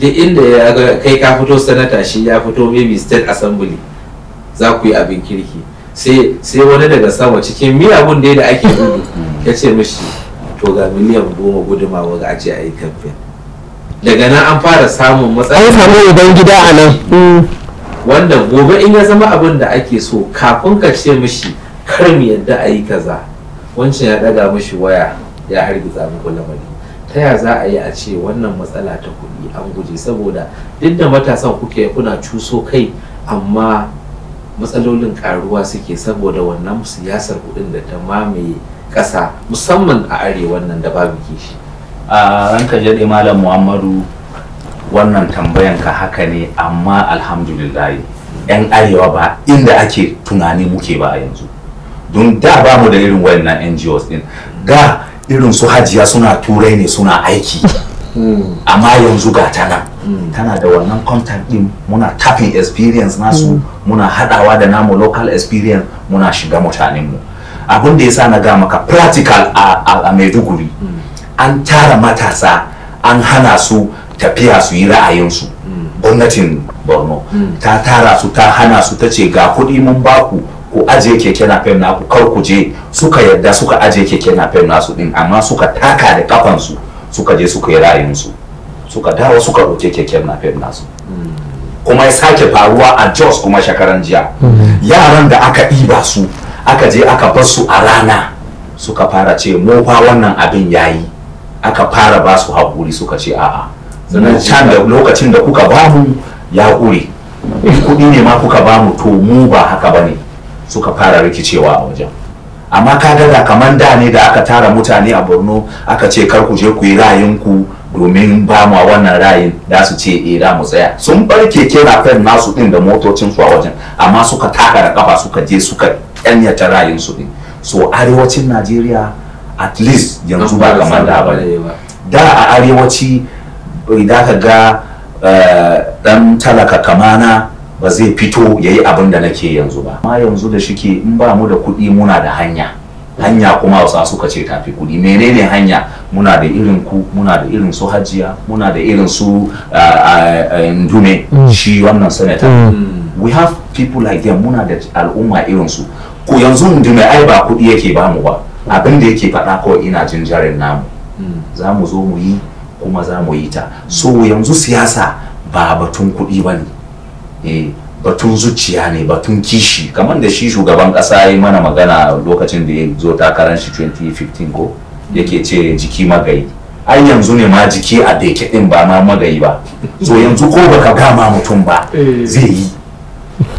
duk inda ya kai ka fito sanata shi ya fito maybe state assembly za ku yi abin kirki sai wani daga sama cikin miyagun da da ake gudu mm. ya ce mishi to ga miliyan goma gudumawa ga aje a yi kamfen daga nan an fara samun matsala an samu uban gida a nan mm. wanda gobe in ya zama abin da ake so kafin ka ce mishi kar mu yadda a yi kaza wancan ya daga mishi waya ya zamu muku lamari ta ya za a yi a ce wannan matsala ta kuɗi an guje saboda duk da matasan kuke kuna cuso kai amma matsalolin karuwa suke saboda wannan siyasar kudin da ta mamaye kasa musamman a arewan nan da babu kishi a ranka jade malam muhammadu wannan tambayan ka haka ne amma alhamdulillah yan arewa ba inda ake tunani muke ba a yanzu don da ba mu da irin wayannan ngos din da irin su hajiya suna turai ne suna aiki amma yanzu ga tana mm. tana da wannan contact din muna tapping experience nasu mm. muna hadawa da namu local experience muna shiga mutanen mu abin da yasa na ga maka practical a Maiduguri mm. an tara matasa an hana su tafiya su yi ra'ayinsu gwamnatin borno ta tara su ta hana su ta ce ga kuɗi mun baku ku aje keke na naku kar ku je suka yadda suka aje keke nafen nasu din amma suka taka da kafansu su suka je suka yi ra'ayinsu suka dawo suka roce keken na nasu kuma ya sake faruwa a jos kuma shekaran jiya yaran da aka ɗiba su aka je aka bar su a rana suka fara ce mu fa wannan abin yayi aka fara ba su haƙuri suka ce a'a sannan can da lokacin da kuka ba mu ya ƙure kuɗi ne ma kuka ba mu to mu ba haka bane suka fara rikicewa a wajen amma ka ga kamar da ne da aka tara mutane a borno aka ce kar ku je ku yi rayinku domin ba mu wannan rayin da su ce eh da mu tsaya sun bar keke rafen nasu din da motocin su a wajen amma suka taka da kafa suka je suka kanyata rayin su din so arewacin najeriya at least yanzu ba kamar da ba da a arewaci idan ka ga dan eh, talaka kamana ba zai fito ya yi abin da nake yanzu ba amma yanzu da shike in ba mu da kuɗi muna da hanya hanya kuma wasu suka ce tafi kuɗi menene hanya muna da irin ku muna da irin su hajiya muna da irin su ndume mm. shi wannan senator mm. we have people like them muna da al'umma irin su ko yanzu ndume ai ba kuɗi yake ba mu ba abin da yake faɗa kawai ina jin namu mm. za mu zo mu yi kuma za mu yi ta so yanzu siyasa ba batun kuɗi ba ne Eh, batun zuciya ne batun kishi kamar da shi shugaban kasa ya mana magana lokacin da ya zo takarar shi 2015 ko yake ce jiki magayi ai yanzu ne ma jiki a deke din ba ma magayi ba so yanzu ko baka gama mutum ba eh. zai yi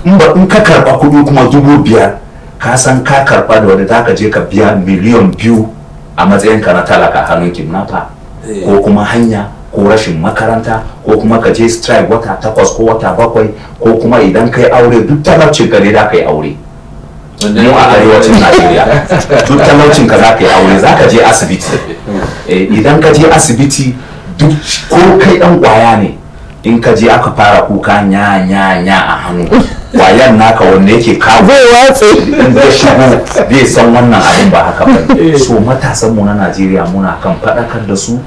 in ba in ka karba kuɗi kuma dubu biyar ka san ka karba da wani taka je ka biya miliyan biyu a matsayin ka na talaka hannun kidnapper eh. ko kuma hanya ko rashin makaranta ko kuma ka je strike wata takwas ko wata bakwai ko kuma idan kai aure duk talaucin ka ne za ka yi aure mu a arewacin najeriya duk talaucin ka za ka yi aure za ka je asibiti eh, idan ka je asibiti duk ko kai dan kwaya ne in ka je aka fara kuka nya nya nya a hannu kwayan naka wanda yake kawo in da shigo bai san wannan abin ba haka ba eh. so matasan mu na najeriya muna kan faɗakar da su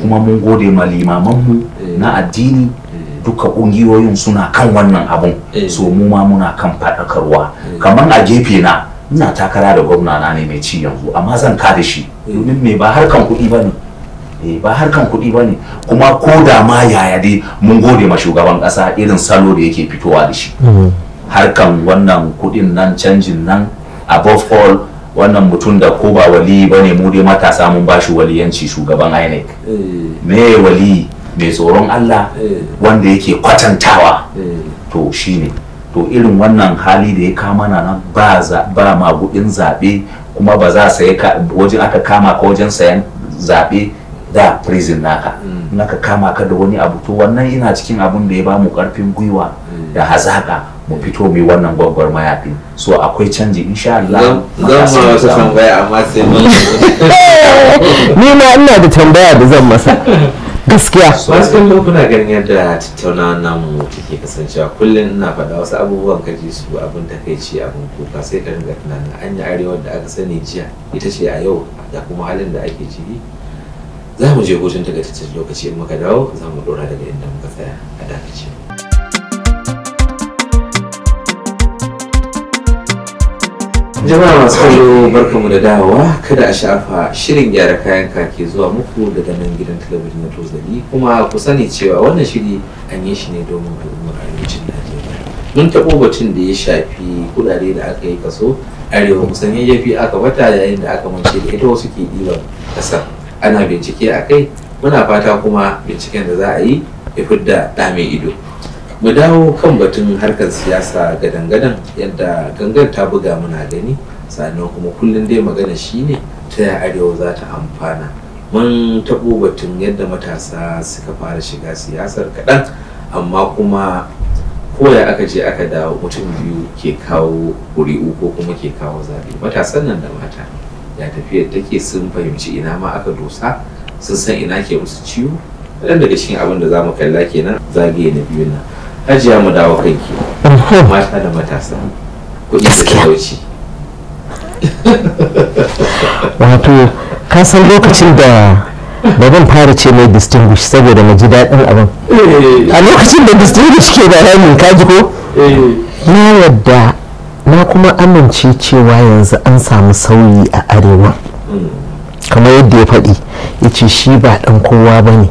kuma mun gode ma limaman mu eh. na addini eh. duka ƙungiyoyin suna kan wannan abun eh. so mu ma muna kan faɗakarwa kamar a gefe na ina takara da gwamna na ne mai ci yanzu amma zan ka da shi domin me ba harkan kuɗi ba ne ba harkan kuɗi ba ne kuma ko da ma yaya dai mun gode ma shugaban ƙasa irin salo da yake fitowa da shi mm-hmm. harkan wannan kuɗin nan canjin nan above all wannan mutum da ko ba wali ba ne mu dai matasa mun ba shi waliyanci shugaban INEC eh. me wali mai tsoron Allah eh. wanda yake kwatantawa eh. to ne. to irin wannan hali da ya kama na ba ba magudin zabe kuma ba za sai wajen aka kama ka wajen sayan zaɓe da prison naka mm. naka kama ka da wani abu to wannan ina cikin abun da ya bamu karfin gwiwa da hazaka mu fito mai wannan gwagwar mayafi so akwai canji insha Allah zan ma wasu tambaya amma sai ni ma ina da tambaya da zan masa gaskiya wasu kallo kuna ganin yadda tattaunawa namu take kasancewa kullum ina faɗa wasu abubuwan kaji su abin da kai ci abin kuka sai ka ringa tunanin an yi arewa da aka sani jiya ita ce a yau da kuma halin da ake ciki za mu je hutun daga cikin lokaci in muka dawo za mu dora daga inda muka tsaya a dakacin jama'a masu kallo barkamu da dawowa kada a shafa shirin gyara kayan kake zuwa muku daga nan gidan talabijin na tozali kuma ku sani cewa wannan shiri an yi shi ne domin al'ummar arewacin najeriya mun taɓo batun da ya shafi kudade da aka yi kaso arewa kusan yayyafi aka bata yayin da aka mance da ita wasu ke ɗiban ƙasar ana bincike a kai muna fata kuma binciken da za a yi ya fidda ɗa mai ido mu dawo kan batun harkar siyasa gadan-gadan yadda gangan ta buga muna gani sannan kuma kullum dai magana shine ta ya arewa za ta amfana mun taɓo batun yadda matasa suka fara shiga siyasar kaɗan amma kuma koya aka je aka dawo mutum biyu ke kawo ƙuri'u ko kuma ke kawo zaɓe matasan nan da mata ya tafiyar take sun fahimci ina ma aka dosa sun san ina ke musu ciwo ɗan daga cikin abin da za mu kalla kenan zagaye na biyu nan ajiya mu dawo kanki mata da matasa kuɗi da talauci wato ka san lokacin da ba zan fara ce mai distinguish saboda na ji daɗin abin eh. a lokacin da distinguish ke da ramin ka ji ko eh. na yadda na kuma amince cewa yanzu an samu sauyi a arewa hmm. kamar yadda ya faɗi ya ce shi ba ɗan kowa ba ne hmm.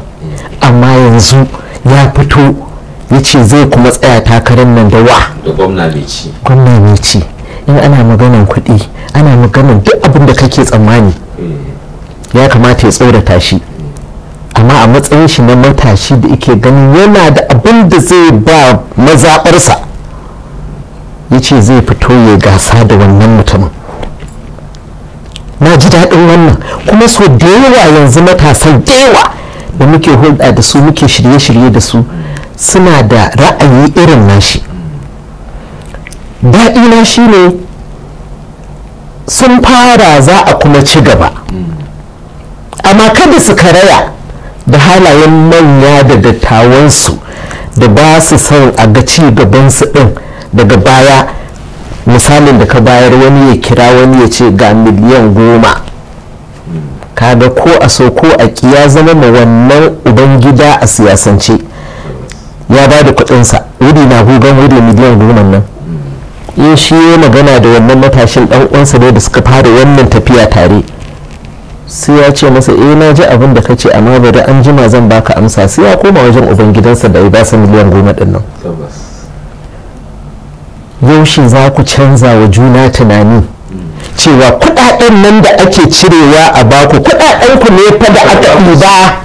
amma yanzu ya fito ya ce zai kuma tsaya takarar nan da wa da gwamna mai ci gwamna in ana maganan kuɗi ana maganan duk abin da kake tsammani eh. ya kamata ya tsorata shi amma a matsayin shi na matashi da yake ganin yana da abin da zai ba mazaɓarsa ya ce zai fito ya gasa da wannan mutumin na ji daɗin wannan kuma so da yawa yanzu matasan da yawa da muke hulɗa da su muke shirye-shirye da su suna da ra'ayi irin nashi daɗi na shi ne sun fara za a kuma ci gaba amma kada su karaya da halayen manya da dattawansu da ba su son a ga ci gabansu ɗin daga baya misalin da ka bayar wani ya kira wani ya ce ga miliyan goma kaga ko a so ko a ƙiya zama ma wannan ubangida a siyasance ya ba da kudinsa wuri na gugan wuri miliyan goma nan in shi ya magana da wannan matashin dan uwansa ne da suka fara wannan tafiya tare sai ya ce masa eh na ji abin da kace amma da an jima zan baka amsa sai ya koma wajen ubangidansa da ya ba sa miliyan goma din nan yaushe za ku canza wa juna tunani cewa kudaden nan da ake cirewa a baku kudaden ku ne fa da aka ba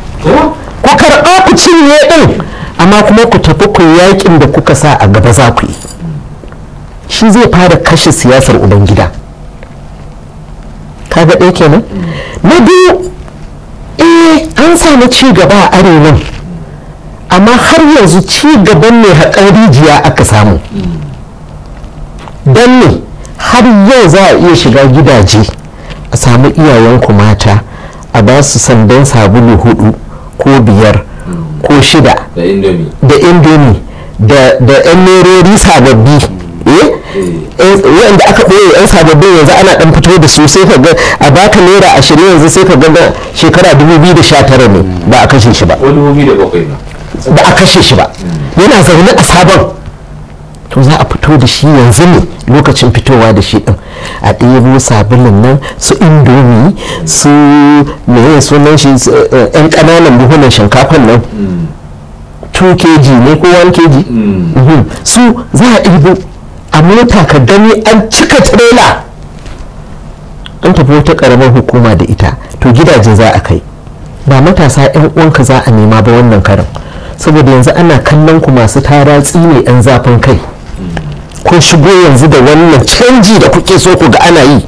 ku karɓa ku cinye din amma kuma ku tafi ku yakin da kuka sa a gaba za ku yi shi zai fara kashe siyasar ubangida kaga ɗaya kenan mm. na biyu eh an samu ci gaba a arewan amma har yanzu ci ne haƙar rijiya aka samu mm. don ne har yau za a iya shiga gidaje a samu iyayenku mata a ba su sandan sabulu hudu ko biyar ko shida da indomi da yan merori sababbi eh? eh, wanda aka ɓoye yan sababbin yanzu ana ɗan fito da su sai ka ga a baka naira ashirin yanzu sai ka ga shekara 2019 ne ba a kashe shi ba ba a kashe shi ba yana zaune a sabon to za a fito da shi yanzu ne lokacin fitowa da shi ɗin a ɗebo sabulun nan su indomi su meye sunan shi yan eh, eh, ƙananan buhunan shinkafan nan 2 hmm. kg ne ko 1 kg hmm. mhm. su za a ɗebo a mota ka gani an cika trailer an tafi wata karamar hukuma da ita to gidaje za a kai ba matasa 'yan uwanka za a nema ba wannan karin saboda yanzu ana kallon ku masu tara tsine 'yan zafin kai kun shigo yanzu da wannan canji da kuke so ku ga ana yi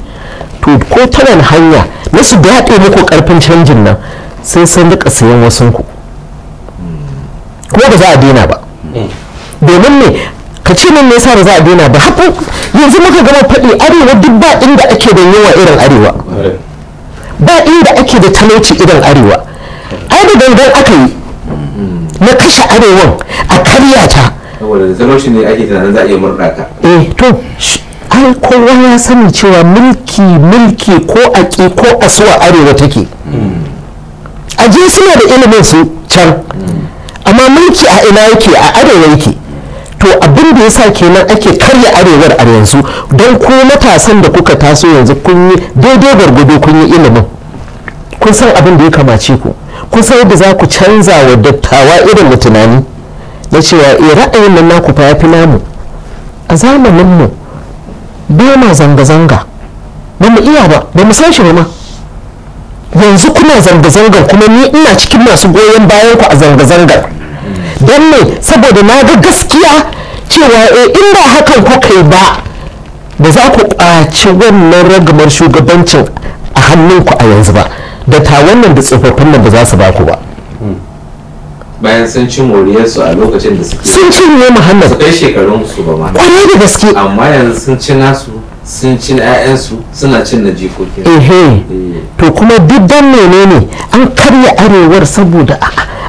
to ko ta hanya na su daɗe muku karfin canjin nan sai sun rika sayan wasan ku kuma ba za a daina ba domin ne ka ce min me ba za a daina ba haku yanzu muka gama faɗi arewa duk ba inda ake da yawa irin arewa ba inda ake da talauci irin arewa ai da dangan aka yi na kashe arewan a karya ta ake eh to ai kowa ya sani cewa mulki mulki ko a ƙi ko a suwa arewa take hmm. a je suna da ilimin su can hmm. amma mulki a ina yake a arewa yake to abin da yasa kenan ake karya arewar a yanzu don ku matasan da kuka taso yanzu kun yi daidai gwargwado kun yi ilimin kun san abin da ya kamace ku kun san yadda za ku canza wa dattawa irin da tunani na cewa e ra'ayin nan naku fa yafi namu a zamanin mu ba ma zanga-zanga ba mu iya ba ba mu san shi ba ma yanzu kuna zanga-zangar kuma ni ina cikin masu goyon bayan ku a zanga-zangar don me saboda na ga gaskiya cewa e ba hakan kuka yi ba da za ku ɓaci wannan ragamar shugabancin a hannunku a yanzu ba da ta wannan da tsofaffin nan ba za su ba ku ba bayan sun ci moriyarsu a lokacin da suke sun ci ne muhammad kai shekarun su ba ma kwarai da gaske amma yanzu sun ci nasu sun ci na suna cin na jikokin ehe eh. to kuma duk dan menene an karya arewar saboda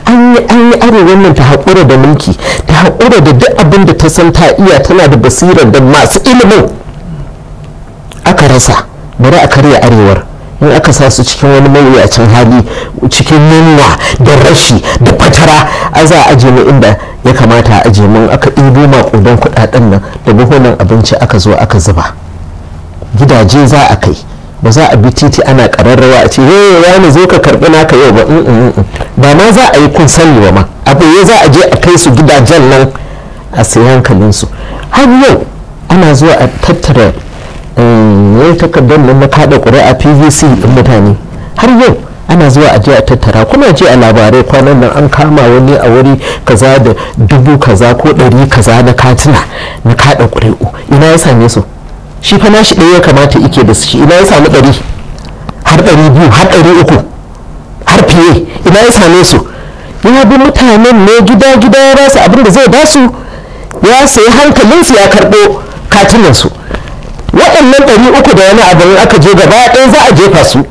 an yi an yi arewar nan ta haƙura da mulki ta haƙura da duk abin da ta san ta iya tana da basirar da masu ilimin aka rasa bari a karya arewar in aka sa su cikin wani mawuyacin hali cikin yunwa da rashi da fatara a za a ajiye inda ya kamata a ajiye mun aka ɗibo maƙudan kuɗaɗen nan da buhunan abinci aka zo aka zuba gidaje za a kai ba za a bi titi ana ƙararrawa a ce ya eh, ne zo ka karɓi naka yau ba mm, mm, mm, ba ma za a yi kun sani ba ma abu ya za a je a kai su gidajen nan a sayi su har yau ana zuwa a tattara wai takardar nan na kada ƙuri'a pvc ɗin mutane har yau ana zuwa a jiya a tattara kuma je a labarai kwanan nan an kama wani a wuri kaza da dubu kaza ko ɗari kaza na katina na kada ƙuri'u ina ya same su shi fa nashi ɗaya ya kamata ike da shi ina ya sami ɗari har ɗari biyu har ɗari uku har fiye ina ya same su ya bi mutanen ne gida gida ya basu abin da zai basu ya sayi hankalinsu ya karɓo katinansu waɗannan ɗari uku da wani abu aka je gaba ɗaya za a jefa su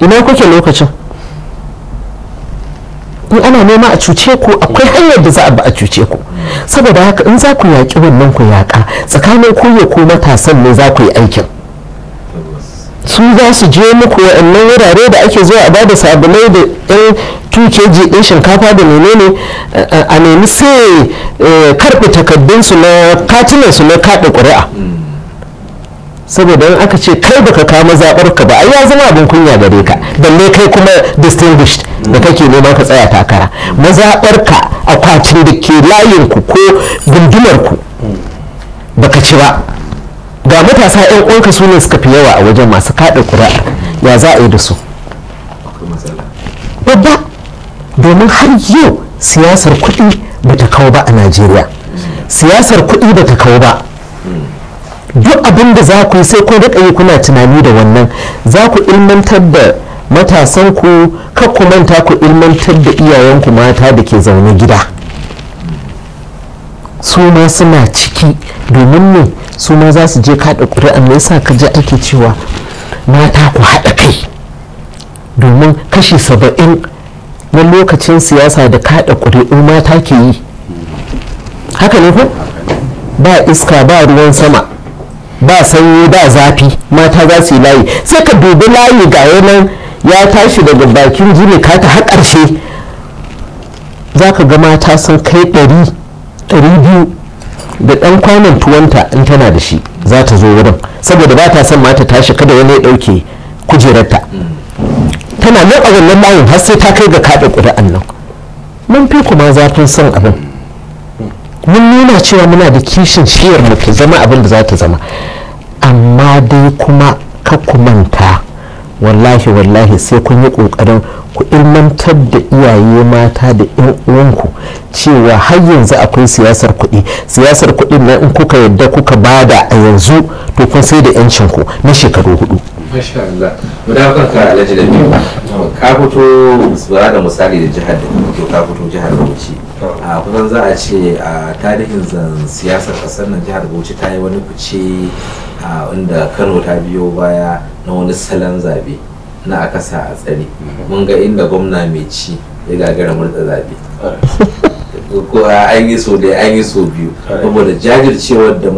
ina kuke lokacin in ana nema a cuce ku akwai hanyar da za a ba a cuce ku saboda haka in za ku yaƙi wannan ku yaƙa tsakanin ku ya ko matasan ne za ku yi aikin su za su je muku waɗannan wurare da ake zuwa a bada sabulai da yan tukeji ɗin shinkafa da menene a nemi sai eh, karɓi takardunsu na katinansu na kaɗa ƙuri'a saboda in aka ce kai baka kama zaɓar ka ba ai ya zama abin kunya gare ka balle kai kuma distinguished da kake neman ka tsaya takara mazaɓar ka akwatin da ke layin ko gundumarku ku baka ci ba ga matasa yan uwanka su ne suka fi yawa a wajen masu kaɗa ƙuri'a ya za a yi da su babba domin har yau siyasar kuɗi bata kawo ba a najeriya siyasar kuɗi bata kawo ba duk abin da za ku yi sai kun riƙa yi kuna tunani da wannan za ku ilmantar da matasanku kar ku manta ku ilmantar da iyayenku mata da ke zaune gida su ma suna ciki domin ne su ma za su je kaɗa ƙuri'a me yasa ka je ake cewa mata ku haɗa kai domin kashi saba'in na lokacin siyasa da kaɗa ƙuri'u mata ke yi haka ne ku ba iska ba ruwan sama ba sanyi ba zafi mata za su yi layi sai ka dubi layi ga yanan ya tashi daga bakin jini ka ta har ƙarshe za ka ga mata sun kai ɗari biyu da ɗan kwanan tuwanta in tana da shi za ta zo wurin saboda ba ta son mata tashi kada wani ya ɗauke kujerarta tana nan a wannan layin har sai ta kai ga kaɗa ƙuri'an nan mun fi kuma zafin son abin mun nuna cewa muna da kishin shiyar mu ta zama abin da za ta zama amma dai kuma ka kumanta wallahi wallahi sai kun yi kokarin ku ilmantar da iyaye mata da yan uwanku cewa har yanzu akwai siyasar kuɗi siyasar kuɗi na in kuka yadda kuka bada a yanzu to kun sai da yancin ku na shekaru hudu masha Allah ka alhaji da ka fito da misali da jihar da ka fito jihar Bauchi a ah, kusan za a ce a ah, tarihin zan siyasar kasar nan jihar bauchi ta yi wani fice inda ah, kano ta biyo baya na wani salon zabe na akasa a tsari mm-hmm. mun ga inda gwamna mai ci ya gagara murda zabe ko an yi so da an yi so biyu saboda jajircewar da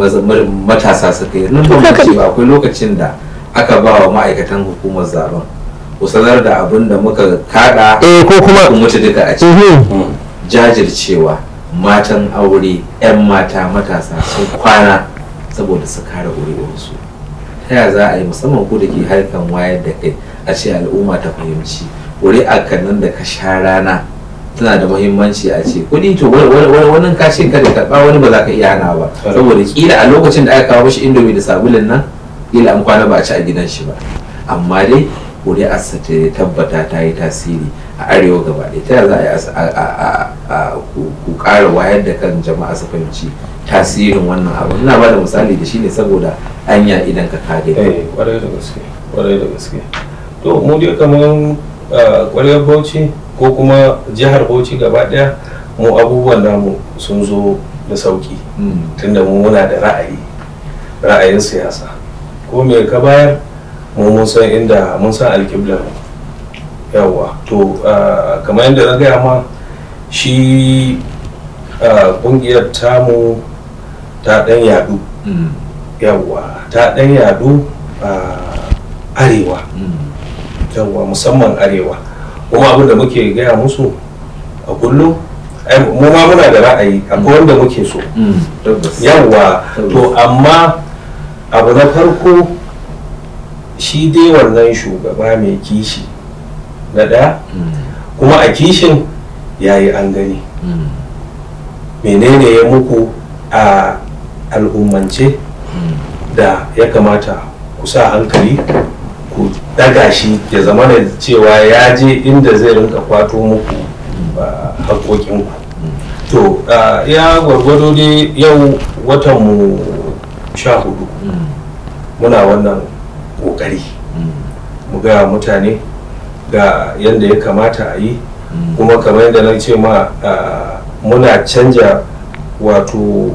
matasa suka yi nan ba akwai lokacin da aka ba wa ma'aikatan hukumar zaben ku sanar da abin da muka kada eh, ko kuma ku mutu duka a ciki mhm. mm. jajircewa matan aure 'yan mata matasa sun kwana saboda su kare su ta ya za a yi musamman ku da ke harkan wayar da kai a ce al'umma ta fahimci a kannan da ka sha rana tana da muhimmanci a ce kuɗi to wani ka ce ka da karɓa wani ba za ka iya hana ba saboda kila a lokacin da aka kawo shi indomi da sabulin nan kila an kwana ba a ci a gidan shi ba amma dai ƙuri'arsa ta tabbata ta yi tasiri a arewa gaba ɗaya ta za a yi ku ƙara wayar da kan jama'a su fahimci tasirin wannan abu ina ba da misali da shi ne saboda anya idan ka eh, kage da gaske to mu dai kamar bauchi ko kuma jihar bauchi gaba ɗaya mu abubuwan namu sun zo da sauki hmm. tunda mu muna da ra'ayi ra'ayin siyasa ko me ka bayar mu mun san inda mun san alƙibla yawwa to kamar yadda na gaya ma shi ƙungiyar tamu ta ɗan yadu mm. Yawwa ta ɗan yadu arewa Yawwa musamman arewa kuma abin da muke gaya musu a kullum mu ma muna da ra'ayi akwai wanda muke so mm. Yawwa to amma abu na farko shi dai wannan shugaba mai kishi na ɗaya kuma a kishin ya yi an gani menene ya muku a al'ummance da ya kamata ku sa hankali ku daga shi ya zama da cewa ya je inda zai rinka kwato muku haƙoƙinku to ya gwargwado dai yau watanmu sha hudu muna wannan kokari mm. mu ga mutane ga yadda ya kamata a yi mm. kuma kamar yadda na ce ma muna canja wato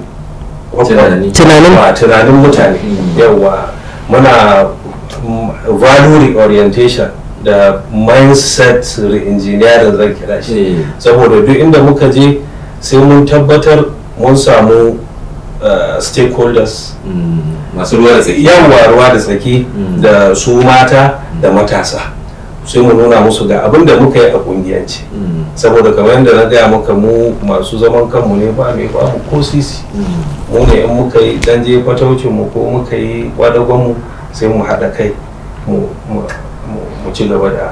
tunanin mutane mm. yawa muna value orientation da mindset re-engineering zai kira shi eh. saboda duk inda muka je sai mun tabbatar mun samu Uh, stakeholders mm. masu ruwa da tsaki yawa ruwa da tsaki mm. da su mata da matasa sai mu nuna musu ga abin da muka yi a kungiyance mm. saboda kamar yadda na gaya muka mu masu zaman kanmu ne ba mai ba mu ko sisi mu ne in muka yi dan je fataucin mu ko muka yi kwadagon mu sai mu haɗa kai mu ci gaba da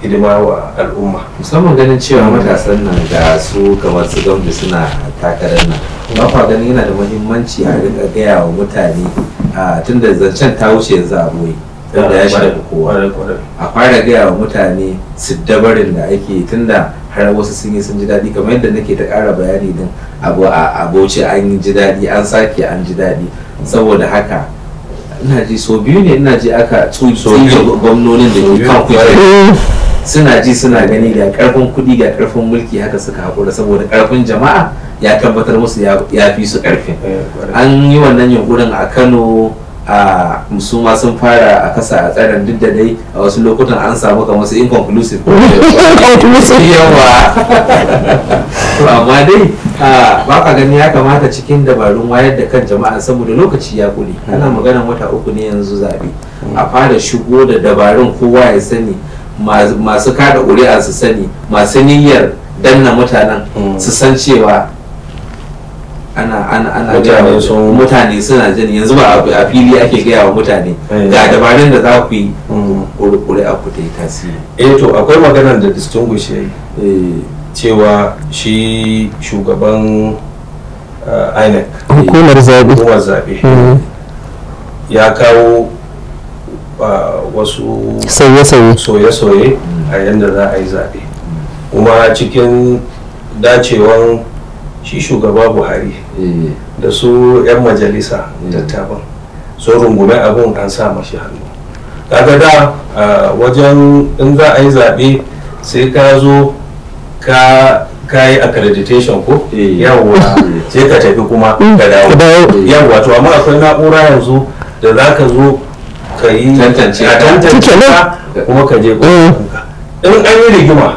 hidima wa al'umma musamman ganin cewa matasan nan da su kamar su gwamnati suna takarar nan ba kwa ganin yana da muhimmanci a rika gaya wa mutane a tun da zancen ta wuce yanzu a boye wanda ya da kowa a fara gaya wa mutane su dabarin da ake tun da har wasu sun yi sun ji daɗi kamar yadda nake ta ƙara bayani din abu a aboci an ji daɗi an sake an ji daɗi saboda haka ina ji so biyu ne ina ji aka tsoye gwamnonin da ke kan kujeru suna ji suna gani ga karfin kuɗi ga karfin mulki haka suka haƙura saboda karfin jama'a ya tabbatar musu ya fi su ƙarfi eh, an yi wannan yunkurin a kano a musuma sun fara a kasa a tsarin duk da dai a wasu lokutan an samu kamar su inconclusive yawa amma dai ba ka gani ya kamata cikin dabarun wayar da kan jama'a saboda lokaci ya kuli hmm. ana maganar wata uku ne yanzu zaɓe hmm. a fara shigo da dabarun kowa ya sani masu kada ƙuri'a su sani masu niyyar danna mutanen hmm. su san cewa ana ana ana gaya mutane suna jin yanzu ba a fili ake gaya wa mutane eh. ga dabarun da za ku yi kurkure a kuta tasiri eh to akwai maganar da distinguish ya eh. cewa shi shugaban eh, INEC hukumar zabe hukumar zabe hmm. ya kawo ah, wasu sauye-sauye a yadda za a yi zabe kuma cikin dacewan shi shugaba buhari da su 'yan majalisa mm. dattaban sun rungume abin an sa mashi hannu kaga da wajen in za a yi zaɓe sai ka zo ka yi accreditation ko eh. yawwa sai ka tafi kuma ka mm. dawo eh. yawwa to amma akwai na'ura yanzu da za ka zo ka yi tantance kuma ka je eh. in an yi rigima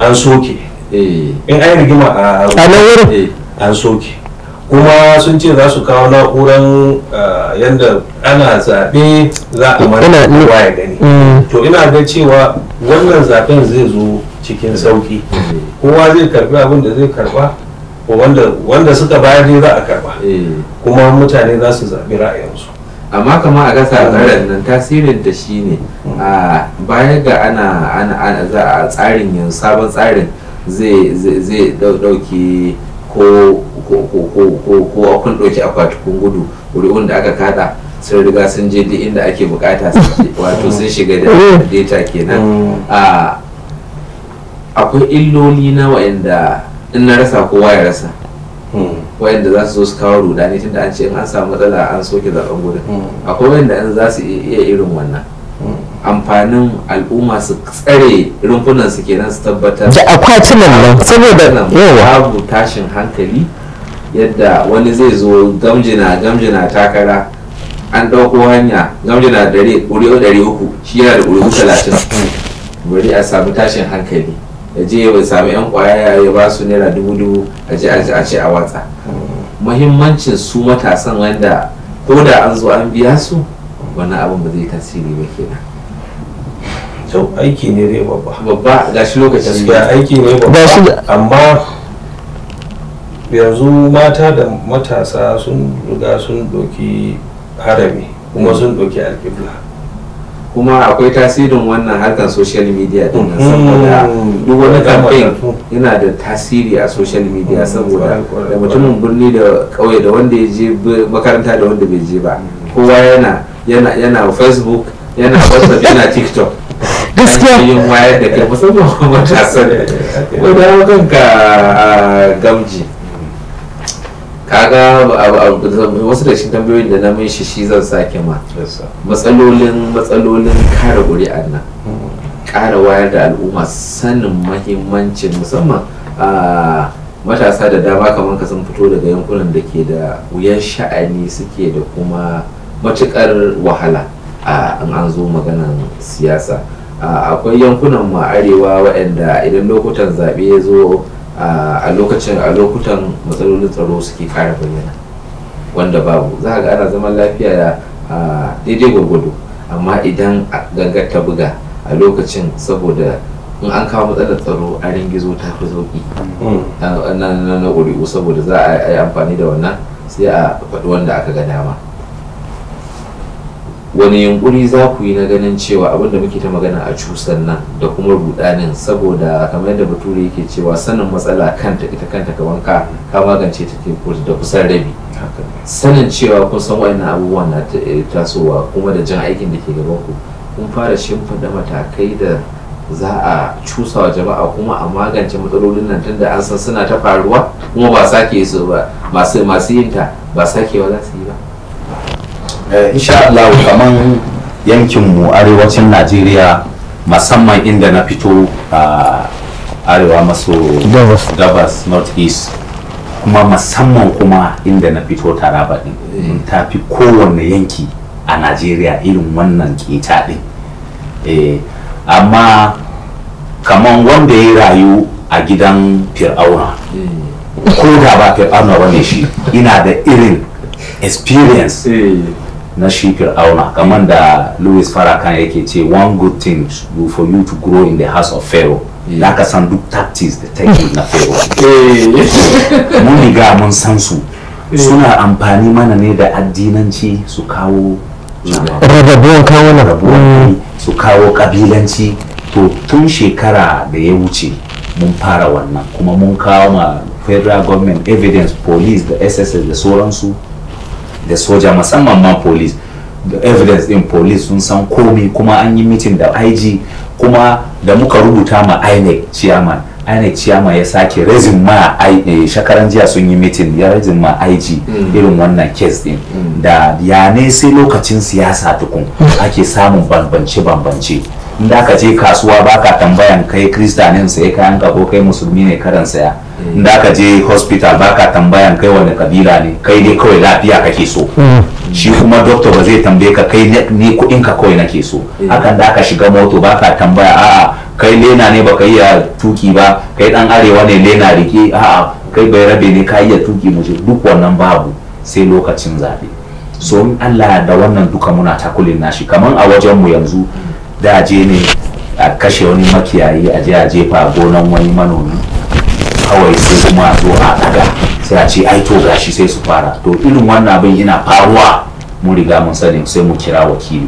an soke in eh. eh, ai rigima a nan wurin eh, an soke kuma sun ce za su kawo na'uran ah, yadda ana zaɓe za a mana kowa ya gani mm. to ina ga cewa wannan zaɓen zai zo cikin sauki kowa zai karɓi abin da zai karba wanda suka bayar ne za a karɓa. kuma mutane za su zaɓi ra'ayinsu amma kama a gasa tsarin mm. nan tasirin da shi ne mm. ah, baya ga ana za a tsarin yanzu sabon tsarin zai dauki ko ko kun ɗauki akwatukun gudu wuri da aka kada sun riga sun je duk inda ake bukata wato sun shiga da eh. data kenan mm. akwai illoli na wa'anda in na rasa kowa ya rasa mm. wayanda za su zo su kawo rudani tunda an ce in an samu matsala an soke zaben gudun mm. akwai wayanda in za su iya irin wannan amfanin al'umma su tsare rumfunan su kenan su tabbatar da akwatunan nan saboda yawa babu tashin hankali yadda wani zai zo gamjina gamjina takara an ɗauko hanya gamjina dare ƙuri'u ɗari uku shi yana da ƙuri'u talatin bari a samu tashin hankali ya je ya sami yan kwaya ya ba su naira dubu dubu a je a ce a watsa muhimmancin su matasan wanda ko da an zo an biya su wani abin ba zai tasiri ba kenan to aiki ne dai babba babba ga shi lokaci ya aiki ne babba amma yanzu mata da matasa sun riga sun doki harami kuma mm. sun doki alƙibla kuma akwai tasirin wannan harkar social media din nan mm. saboda duk wani campaign yana da tasiri a social media mm. saboda da mutumin birni da ƙauye da wanda ya je makaranta da wanda bai je ba kowa yana yana yana facebook yana whatsapp yana tiktok gaskiya yin wayar da kai musamman matasa ne wadda ka gamji kaga wasu da shi tambayoyin da na mai shi shi zan sake ma matsalolin matsalolin kare a nan kara wayar da al'umma sanin mahimmancin musamman a matasa da dama kamar ka sun fito daga yankunan da ke da wuyan sha'ani suke da kuma matukar wahala a an zo maganan siyasa akwai yankunan mu arewa waɗanda idan lokutan zaɓe ya zo a lokacin a lokutan matsalolin tsaro suke ƙara bayyana wanda babu za ga ana zaman lafiya daidai gwagwado amma idan gangar ta buga a lokacin saboda in an kawo matsalar tsaro a ringizo ta fi zauki mm. na ƙuri'u saboda za a yi amfani da wannan sai a faɗi wanda aka ga dama wani yunkuri za ku yi na ganin cewa abin da muke ta magana a cusan nan da kuma rudanin saboda kamar yadda bature yake cewa sanin matsala kanta ita kanta ka wanka ka magance ta da kusan rabi sanin cewa kun san wayannan abubuwan na eh, tasowa kuma da jan aikin da ke gaban ku kun fara shimfiɗa matakai da za a cusa wa jama'a kuma a magance matsalolin nan tunda an san suna ta faruwa kuma ba sake su ba masu yin ta ba sakewa za su yi ba Eh, insha Allah kaman yankin mu arewacin Najeriya musamman inda na fito a arewa maso gabas north east kuma musamman kuma inda na fito taraba din mm. ta fi kowanne yanki a Najeriya irin wannan keta din eh amma kaman wanda ya rayu a gidan fir'auna mm. ko da ba fir'auna bane shi ina da irin experience eh. na shi fir'auna kamar da louis farrakhan yake ce one good thing do for you to grow in the house of pharaoh na mm. ka san duk tactics da yi na pharaoh eh. mun riga mun san su eh. suna amfani mana ne da addinanci su kawo rababuwan kawo rababuwan mm. su kawo kabilanci to tun shekara da ya wuce mun fara wannan kuma mun kawo ma federal government evidence police da sss da sauransu da soja musamman ma police da evidence din police sun san komi kuma an yi meeting da IG kuma da muka rubuta ma INEC chairman INEC chairman ya sake raising ma eh, shakaran jiya sun yi meeting ya raising ma IG mm. irin wannan case din mm. da ya ne sai lokacin siyasa tukun ake samun bambance bambance inda ka je kasuwa baka tambayan kai krista ne kayan ka kai musulmi ne karan saya eh. inda ka je hospital baka tambayan kai wani kabila ne kai dai kawai lafiya kake so hmm. shi kuma doctor ba zai tambaye ka kai ne kuɗin ka kawai nake so eh. hakan da ka shiga moto baka tambaya a'a kai lena ne baka iya tuki ba kai dan arewa ne lena rike a'a kai bai rabe ne ka iya tuki mu duk wannan babu sai lokacin zabe so in Allah da wannan duka muna takulin nashi kaman a wajen mu yanzu hmm. da je ne a kashe wani makiyayi a je a jefa gonan wani manomi kawai sai kuma a zo a daga sai a ce ai to gashi sai su fara to irin wannan abin yana faruwa mun riga mun sani sai mu kira wakili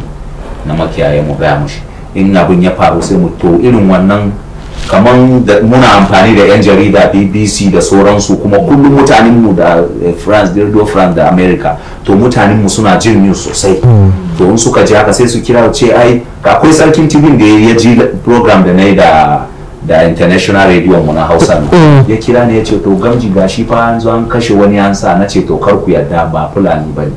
na makiyaye mu gaya mushi in abin ya faru sai mu to irin wannan kaman muna amfani da yan jarida bbc da sauransu kuma kullum mutanenmu da eh, france da france da america to mutanenmu suna jin news sosai hmm. domin suka ji haka sai su kira ce ai akwai sarkin tv da ya ji program da na yi da da international radio mu na hausa ne mm. ya kira ne ya ce to gamji gashi fa an zo an kashe wani an sa na ce to kar ku yarda ba fulani ba ne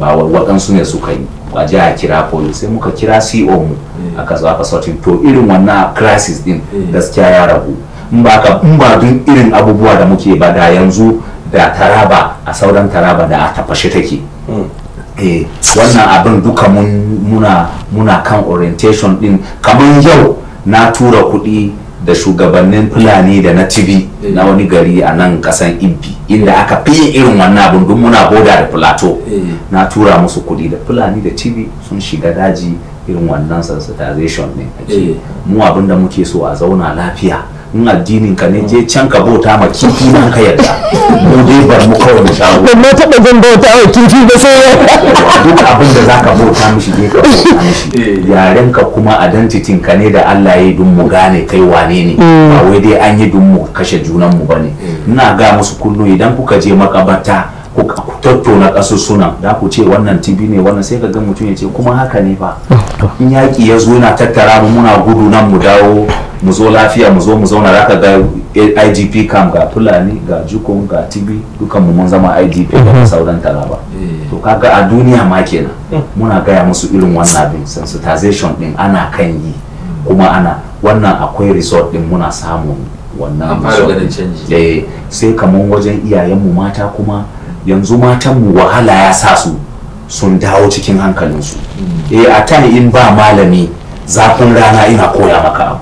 ba waɗansu ne suka yi a je a kira police sai muka kira co mu mm. aka zo aka sautin to irin wannan crisis din mm. gaskiya ya ragu in ba ka in ba dun irin abubuwa da muke ba da yanzu da taraba a sauran taraba da a tafashe take eh wannan abin duka muna kan orientation din kamar yau na tura kuɗi da shugabannin fulani da na tv eh. na wani gari a nan kasan ibbi inda aka fi irin wannan abin duk muna boda da plateau eh. na tura musu kuɗi da fulani da tv sun shiga daji irin wannan sensitization ne eh. mu abin da muke so a zauna lafiya in addinin ka ne je can ka bauta ma kifi nan ka yarda mu dai bar mu kawai mu shawo ban ma taba jin bauta wa kifi ba sai duk abin da zaka bauta mishi dai ka bauta mishi eh. yaren ka kuma identity ka ne da Allah ya yi dun mu gane kai wane ne mm. ba wai dai an yi dun mu kashe junan mu bane mm. ina ga musu kullu idan kuka je makabarta ku tattauna kasusunan da ku ce wannan tibi ne wannan sai ka ga mutum ya ce kuma haka ne fa oh, in yaƙi ya zo na tattara mu muna gudu nan mu dawo mu zo lafiya mu zo mu zauna za ka ga igp kam ga fulani ga jukun ga tibi dukan mu mun zama igp da mhm. sauran taraba eh. to kaga a duniya ma kenan mm. muna gaya musu irin wannan abin sensitization din ana kan yi kuma ana wannan akwai resort din muna samun wannan eh, sai kamar wajen iyayenmu mata kuma yanzu matan mu wahala ya sa su sun dawo cikin hankalinsu eh a ta in ba malami zafin rana ina koya maka abu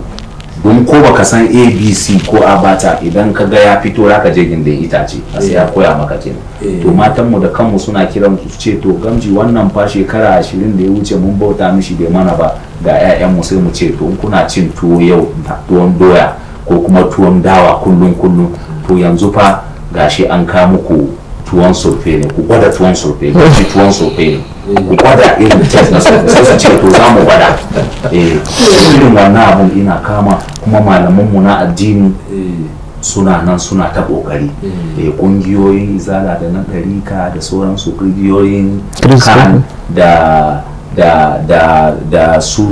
don ko baka san abc ko abata idan ka ga ya fito zaka je gindin itace a sai ya koya maka ce eh. to matan mu da kanmu suna kiran su ce to gamji wannan fa shekara ashirin da ya wuce mun bauta mishi bai mana ba ga ƴaƴan mu sai mu ce to kuna cin tuwo yau da tuwon doya ko kuma tuwon dawa kullun kullun to yanzu fa gashi an ka muku tuwon sofe ne ku gwada tuwon sofe ku tuwon sofe ne ku gwada irin test na sulfe sai su ce to za mu gwada eh irin wannan abun ina kama kuma malaman mu na addini suna nan suna ta kokari eh kungiyoyin eh, izala da nan tarika da sauransu kungiyoyin kan da da da da su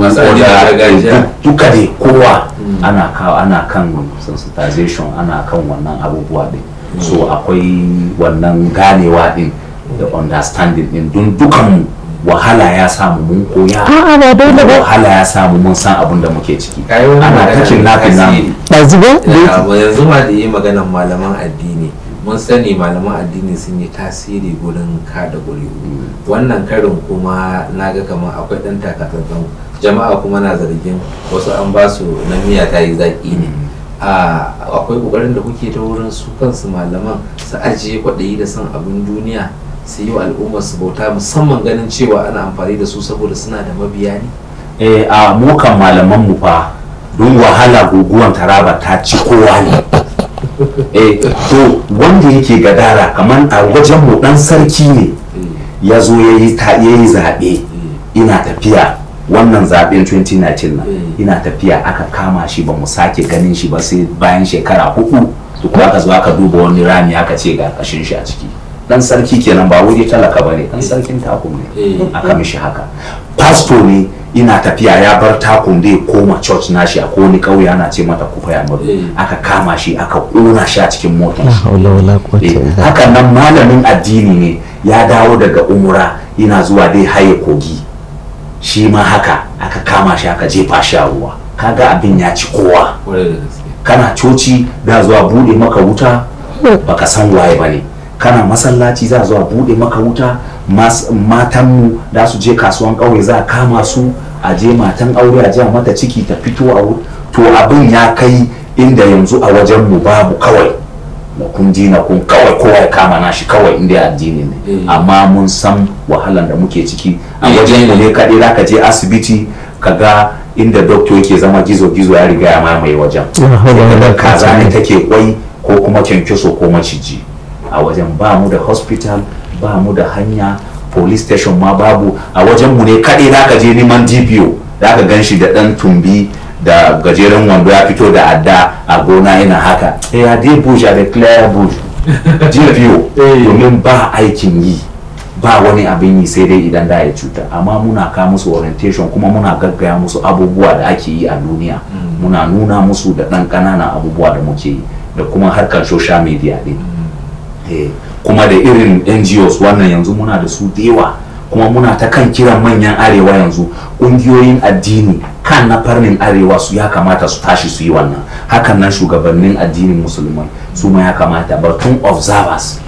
duka dai kowa mm. ana kawo ana kan sensitization ana kan wannan abubuwa din so akwai wannan ganewa din da understanding din don dukan wahala ya samu mun koya wahala ya samu mun san abin da muke ciki ana cikin nafin namu yanzu ma da yi maganan malaman addini mun sani malaman addini sun yi tasiri gurin kada guri wannan karin kuma na ga kamar akwai dan takatsantsan jama'a kuma na zargin wasu an ba su na miya ta yi zaƙi ne mm. akwai kokarin da kuke ta wurin su kansu malaman su ajiye kwaɗayi da san abin duniya su yi wa al'ummar su bauta musamman ganin cewa ana amfani da su saboda suna da mabiya ne eh, a mukan malaman mu fa don wahala guguwan taraba ta ci kowa ne eh to wanda yake gadara kamar a wajen mu dan sarki ne eh. ya zo ya yi zaɓe eh. ina tafiya wannan zaben 2019 na ina tafiya aka kama shi ba mu sake ganin shi ba sai bayan shekara hudu kuma aka zo aka duba wani rami aka ce ga kashin shi a ciki dan sarki kenan ba wuri talaka bane dan sarkin takum ne mm. aka mishi haka pastor ne ina tafiya ya bar takum ya koma church nashi a ko ni kauye ana ce mata kufa ya mudu. Mm. aka kama shi aka kona shi a cikin motar eh, hakan nan malamin addini ne ya dawo daga umura ina zuwa dai haye kogi shi ma haka aka kama shi aka jefa shi a ruwa kaga abin ya ci kowa kana coci da zuwa bude maka wuta baka san waye bane kana masallaci za zuwa bude maka wuta matanmu da su je kasuwan ƙauye za a kama su a je matan aure a je mata ciki ta fito a to abin ya kai inda yanzu a wajenmu babu kawai kun na kun kawai kowa ya kama na shi kawai inda ya addini ne eh. amma mun san wahalan da muke ciki a eh, wajen mu eh. ne kaɗai za ka je asibiti ka ga inda doctor yake zama gizo gizo ya riga ya mamaye wajen kaza ne take kwai ko kuma kyankyaso ko maciji a wajen ba mu da hospital ba mu da hanya police station ma babu a wajen mu ne kaɗai zaka ka je neman dpo zaka ka gan da dan tumbi da gajeren wando ya fito da adda a gona ina haka eh a dey bush a clear bush eh. domin ba aikin yi ba wani abin yi sai dai idan da ya cuta amma muna ka musu orientation kuma muna gaggaya musu abubuwa da ake yi a duniya hmm. muna nuna musu da ɗan ƙanana abubuwa da muke yi da kuma harkar social media ɗin hmm. eh, kuma da irin ngos wannan yanzu muna da su da kuma muna ta kan kiran manyan arewa yanzu ƙungiyoyin addini kan na farnin arewa su ya kamata su tashi su yi wannan hakan nan shugabannin addinin musulman su ma ya kamata batun observers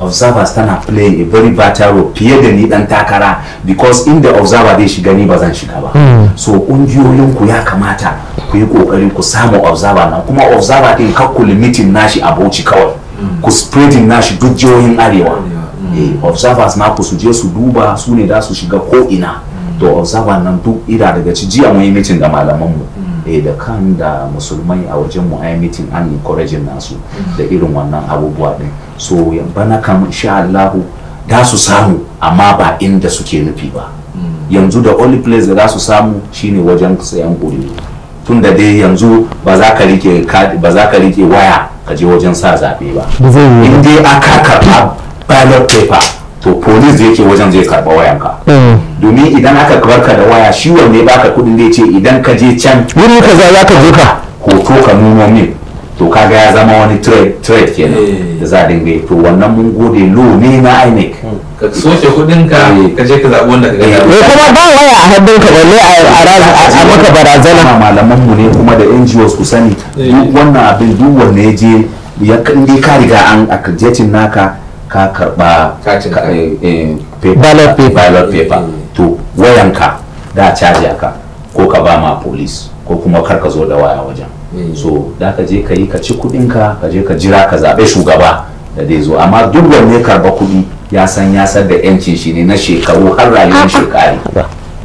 observers tana playing a very vital role fiye da ni dan takara because in the observer zai shiga ni ba zan shiga ba hmm. so ƙungiyoyin ku ya kamata ku yi kokari ku samu observer nan kuma observer din kakku limitin nashi a bauchi kawai hmm. ku spreading nashi duk jihohin arewa hmm. Eh, observers naku su je su duba su ne da su shiga ko ina to observer nan duk ida daga ci jiya mun yi mitin da malaman mu mm. eh da kan da musulmai a wajen mu ai mitin an encouraging nasu mm. da irin wannan abubuwa din so bana kam insha Allah da su samu amma ba inda suke nufi ba mm. yanzu da only place da za su samu shine wajen sayan ƙuri'u tun da dai yanzu ba za ka rike ba za ka rike waya ka je wajen sa zabe ba in dai aka karɓa ballot paper to police yake wajen zai karba wayanka hmm. domin idan aka ka da waya shi wanne baka kudin da ce idan ka je can wuri kaza za ka je ka hoto ka nuno min to kaga ya zama wani trade kenan eh. da za dinga to wannan mun gode lo ne na INEC hmm. ka soke kudin ka eh. ka je ka zabi wanda ka ga ne eh, kuma ba waya a hannun ka balle a a maka barazana malaman mu ne kuma da NGOs ku sani duk wannan abin duk wanne je ya kan dai ka riga an accrediting naka ka karba eh, eh, ballot paper mm. to ka da caji ka ko ka ba ma police ko kuma kar ka zo da waya wajen mm. so da ka je ka yi ka ci kudin ka je ka jira ka zaɓe shugaba da dai zo amma duk wanne karba kudi ya san ya san da yancin shi ne na shekaru har rayuwar shekari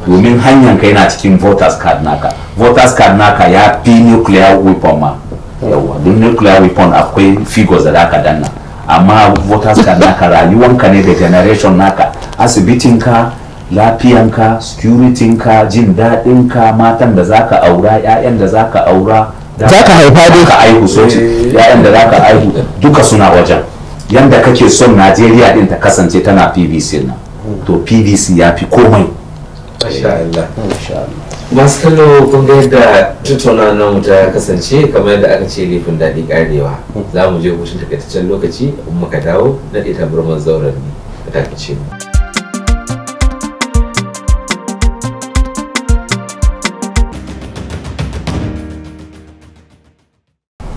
domin hanyar ka yana cikin voters card naka voters card naka ya fi nuclear weapon ma mm. yawa don nuclear weapon akwai figures da aka danna amma voters card naka rayuwanka ne da generation naka asibitin ka lafiyanka ka jin daɗinka matan da zaka aura 'ya'yan da zaka aura za ka haifa dai ka aihu soci ya'yan eh. da za aihu duka suna wajen yanda kake son najeriya din ta kasance tana pvc nan to pvc ya fi komai masu kallo kun ga yadda tattauna nan ta kasance kamar yadda aka ce laifin daɗi karewa za mu je hutun takaitaccen lokaci in muka dawo na ɗaya birman zauren ne a takaice mu.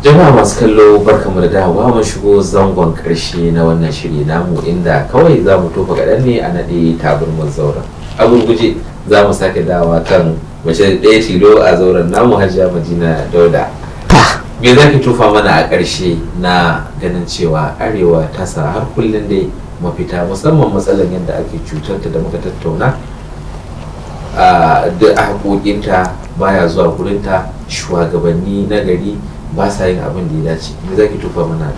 jama'a masu kallo barkamu da dawowa mun shigo zangon karshe na wannan shiri namu inda kawai za mu tofa kaɗan ne a naɗe birman zauren a gurguje za mu sake dawa kan mace ɗaya tilo a zauren namu hajiya madina dauda me za ki tufa mana a ƙarshe na ganin cewa arewa ta sa har kullum dai mafita musamman matsalar yadda ake cutarta da muka tattauna duk a haƙoƙinta baya zuwa gurinta shugabanni na gari ba sa yin abin da ya dace me za ki tufa mana a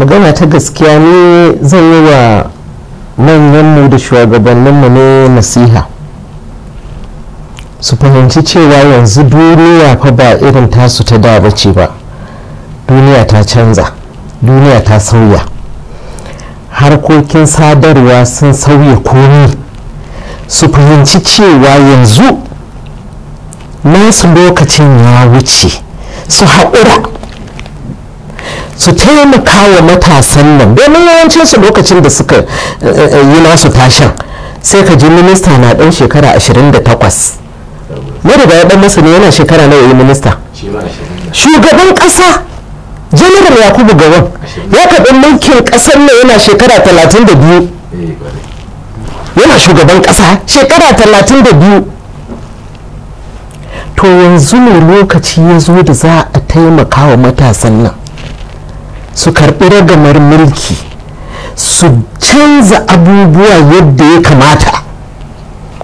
magana ta gaskiya ne zan yi wa manyanmu da shugabanninmu ne nasiha su fahimci cewa yanzu duniya fa ba irin tasu ta da bace ba duniya ta canza duniya ta sauya harkokin sadarwa sun sauya komi su fahimci cewa yanzu nasu lokacin ya wuce su haƙura su taimaka wa matasan nan domin yawancinsu lokacin da suka eh, eh, yi nasu tashan sai ka ji minista na ɗan shekara 28 ya dan masu ne yana shekara nawa yi minista shugaban kasa janar yakubu gawan ya kaɗin mulkin ƙasar ne yana shekara talatin da biyu yana shugaban kasa shekara talatin da biyu to yanzu ne lokaci ya zo da za a taimaka wa matasan nan su karɓi ragamar mulki su canza abubuwa yadda ya kamata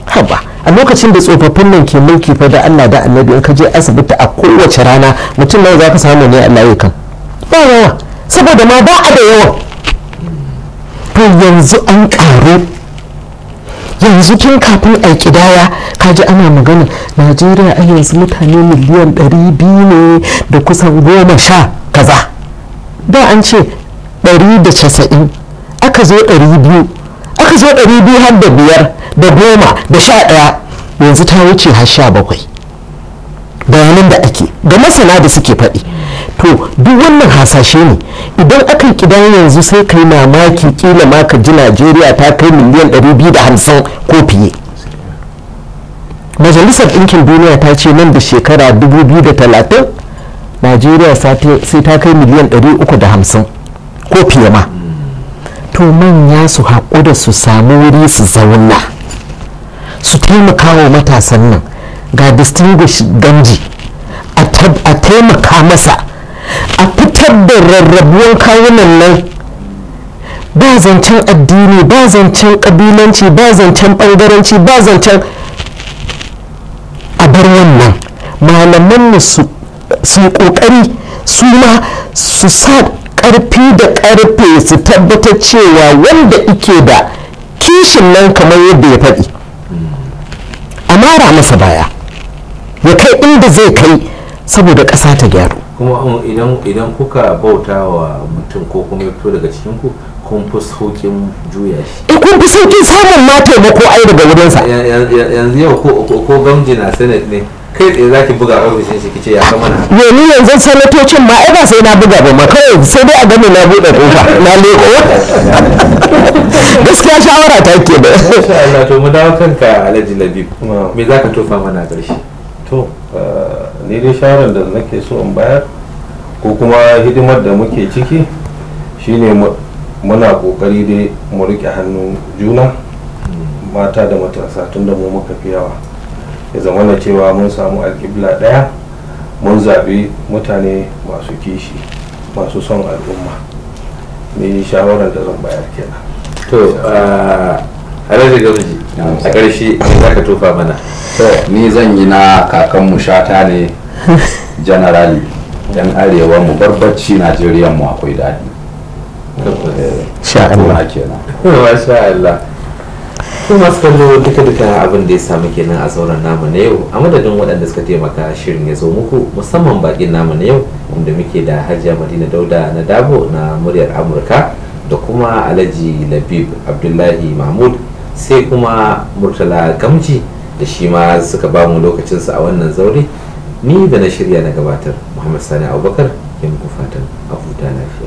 haba a lokacin da tsofaffin nan ke mulki fa da Allah da annabi in ka je asibiti a kowace rana mutum nawa za samu ne Allah ya kan ba yawa saboda ma ba a da yawa to yanzu an karu yanzu tun kafin a kidaya ka ji ana magana najeriya a yanzu mutane miliyan 200 ne da kusan goma sha kaza da an ce 190 aka zo 200 aka zo ɗari biyu har da biyar da goma da sha ɗaya yanzu ta wuce har sha bakwai wani da ake ga masana da suke faɗi to duk wannan hasashe ne idan aka kidan yanzu sai kai mamaki kila maka ji najeriya ta kai miliyan 250 ko fiye majalisar ɗinkin duniya ta ce nan da shekara 2030 najeriya sai ta kai miliyan 350 ko fiye ma to manya su haƙu da su samu wuri su zauna su taimaka wa matasan nan ga distinguish ganji a taimaka masa a fitar da rarrabuwar kawunan nan ba zancen addini ba zancen ƙabilanci ba zancen ɓangaranci ba zancen a wannan malaman su ƙoƙari su ma su sa ƙarfi da ƙarfe su tabbatar cewa wanda ike da kishin nan kamar yadda ya faɗi a mara masa baya ya kai inda zai kai saboda ƙasa ta gyaru kuma um, idan idan kuka bauta wa mutum ko kuma ya fito daga cikin ku kun fi saukin juya shi eh kun fi saukin samun ma taimako ai daga wurinsa yanzu yau ko ko gamji na senate ne kai da ki buga ofishin shi kice ya kama na yo ni yanzu sanatocin ma ai ba sai na buga ba ma kawai sai dai a gane na bude kofa na leko gaskiya shawara ta ke da insha Allah to mu dawo kanka Alhaji Labib me za ka tofa mana garshi. to eh, ni dai shawaran da nake so in bayar ko kuma hidimar da muke ciki shine muna kokari dai mu rike hannu juna mata da matasa tunda mu muka fi yawa ya zama na cewa mun samu alƙibla ɗaya mun zaɓi mutane masu kishi masu son al'umma ni shawarar da zan bayar kenan to alhaji gamji a ƙarshe za ka tofa mana ni zan yi na kakanmu shata ne janarali yan arewa mu barbarci najeriya mu akwai daɗi eh, sha'allah kenan Allah kuma masu kallo duka duka abin da ya samu kenan a sauran namu na yau a madadin waɗanda suka taimaka shirin ya zo muku musamman bakin namu na yau wanda muke da hajiya madina dauda na dabo na muryar amurka da kuma alhaji labib abdullahi mahmud sai kuma murtala gamji da shi ma suka ba mu lokacinsu a wannan zaure ni da na shirya na gabatar muhammad sani abubakar ke muku fatan a huta lafiya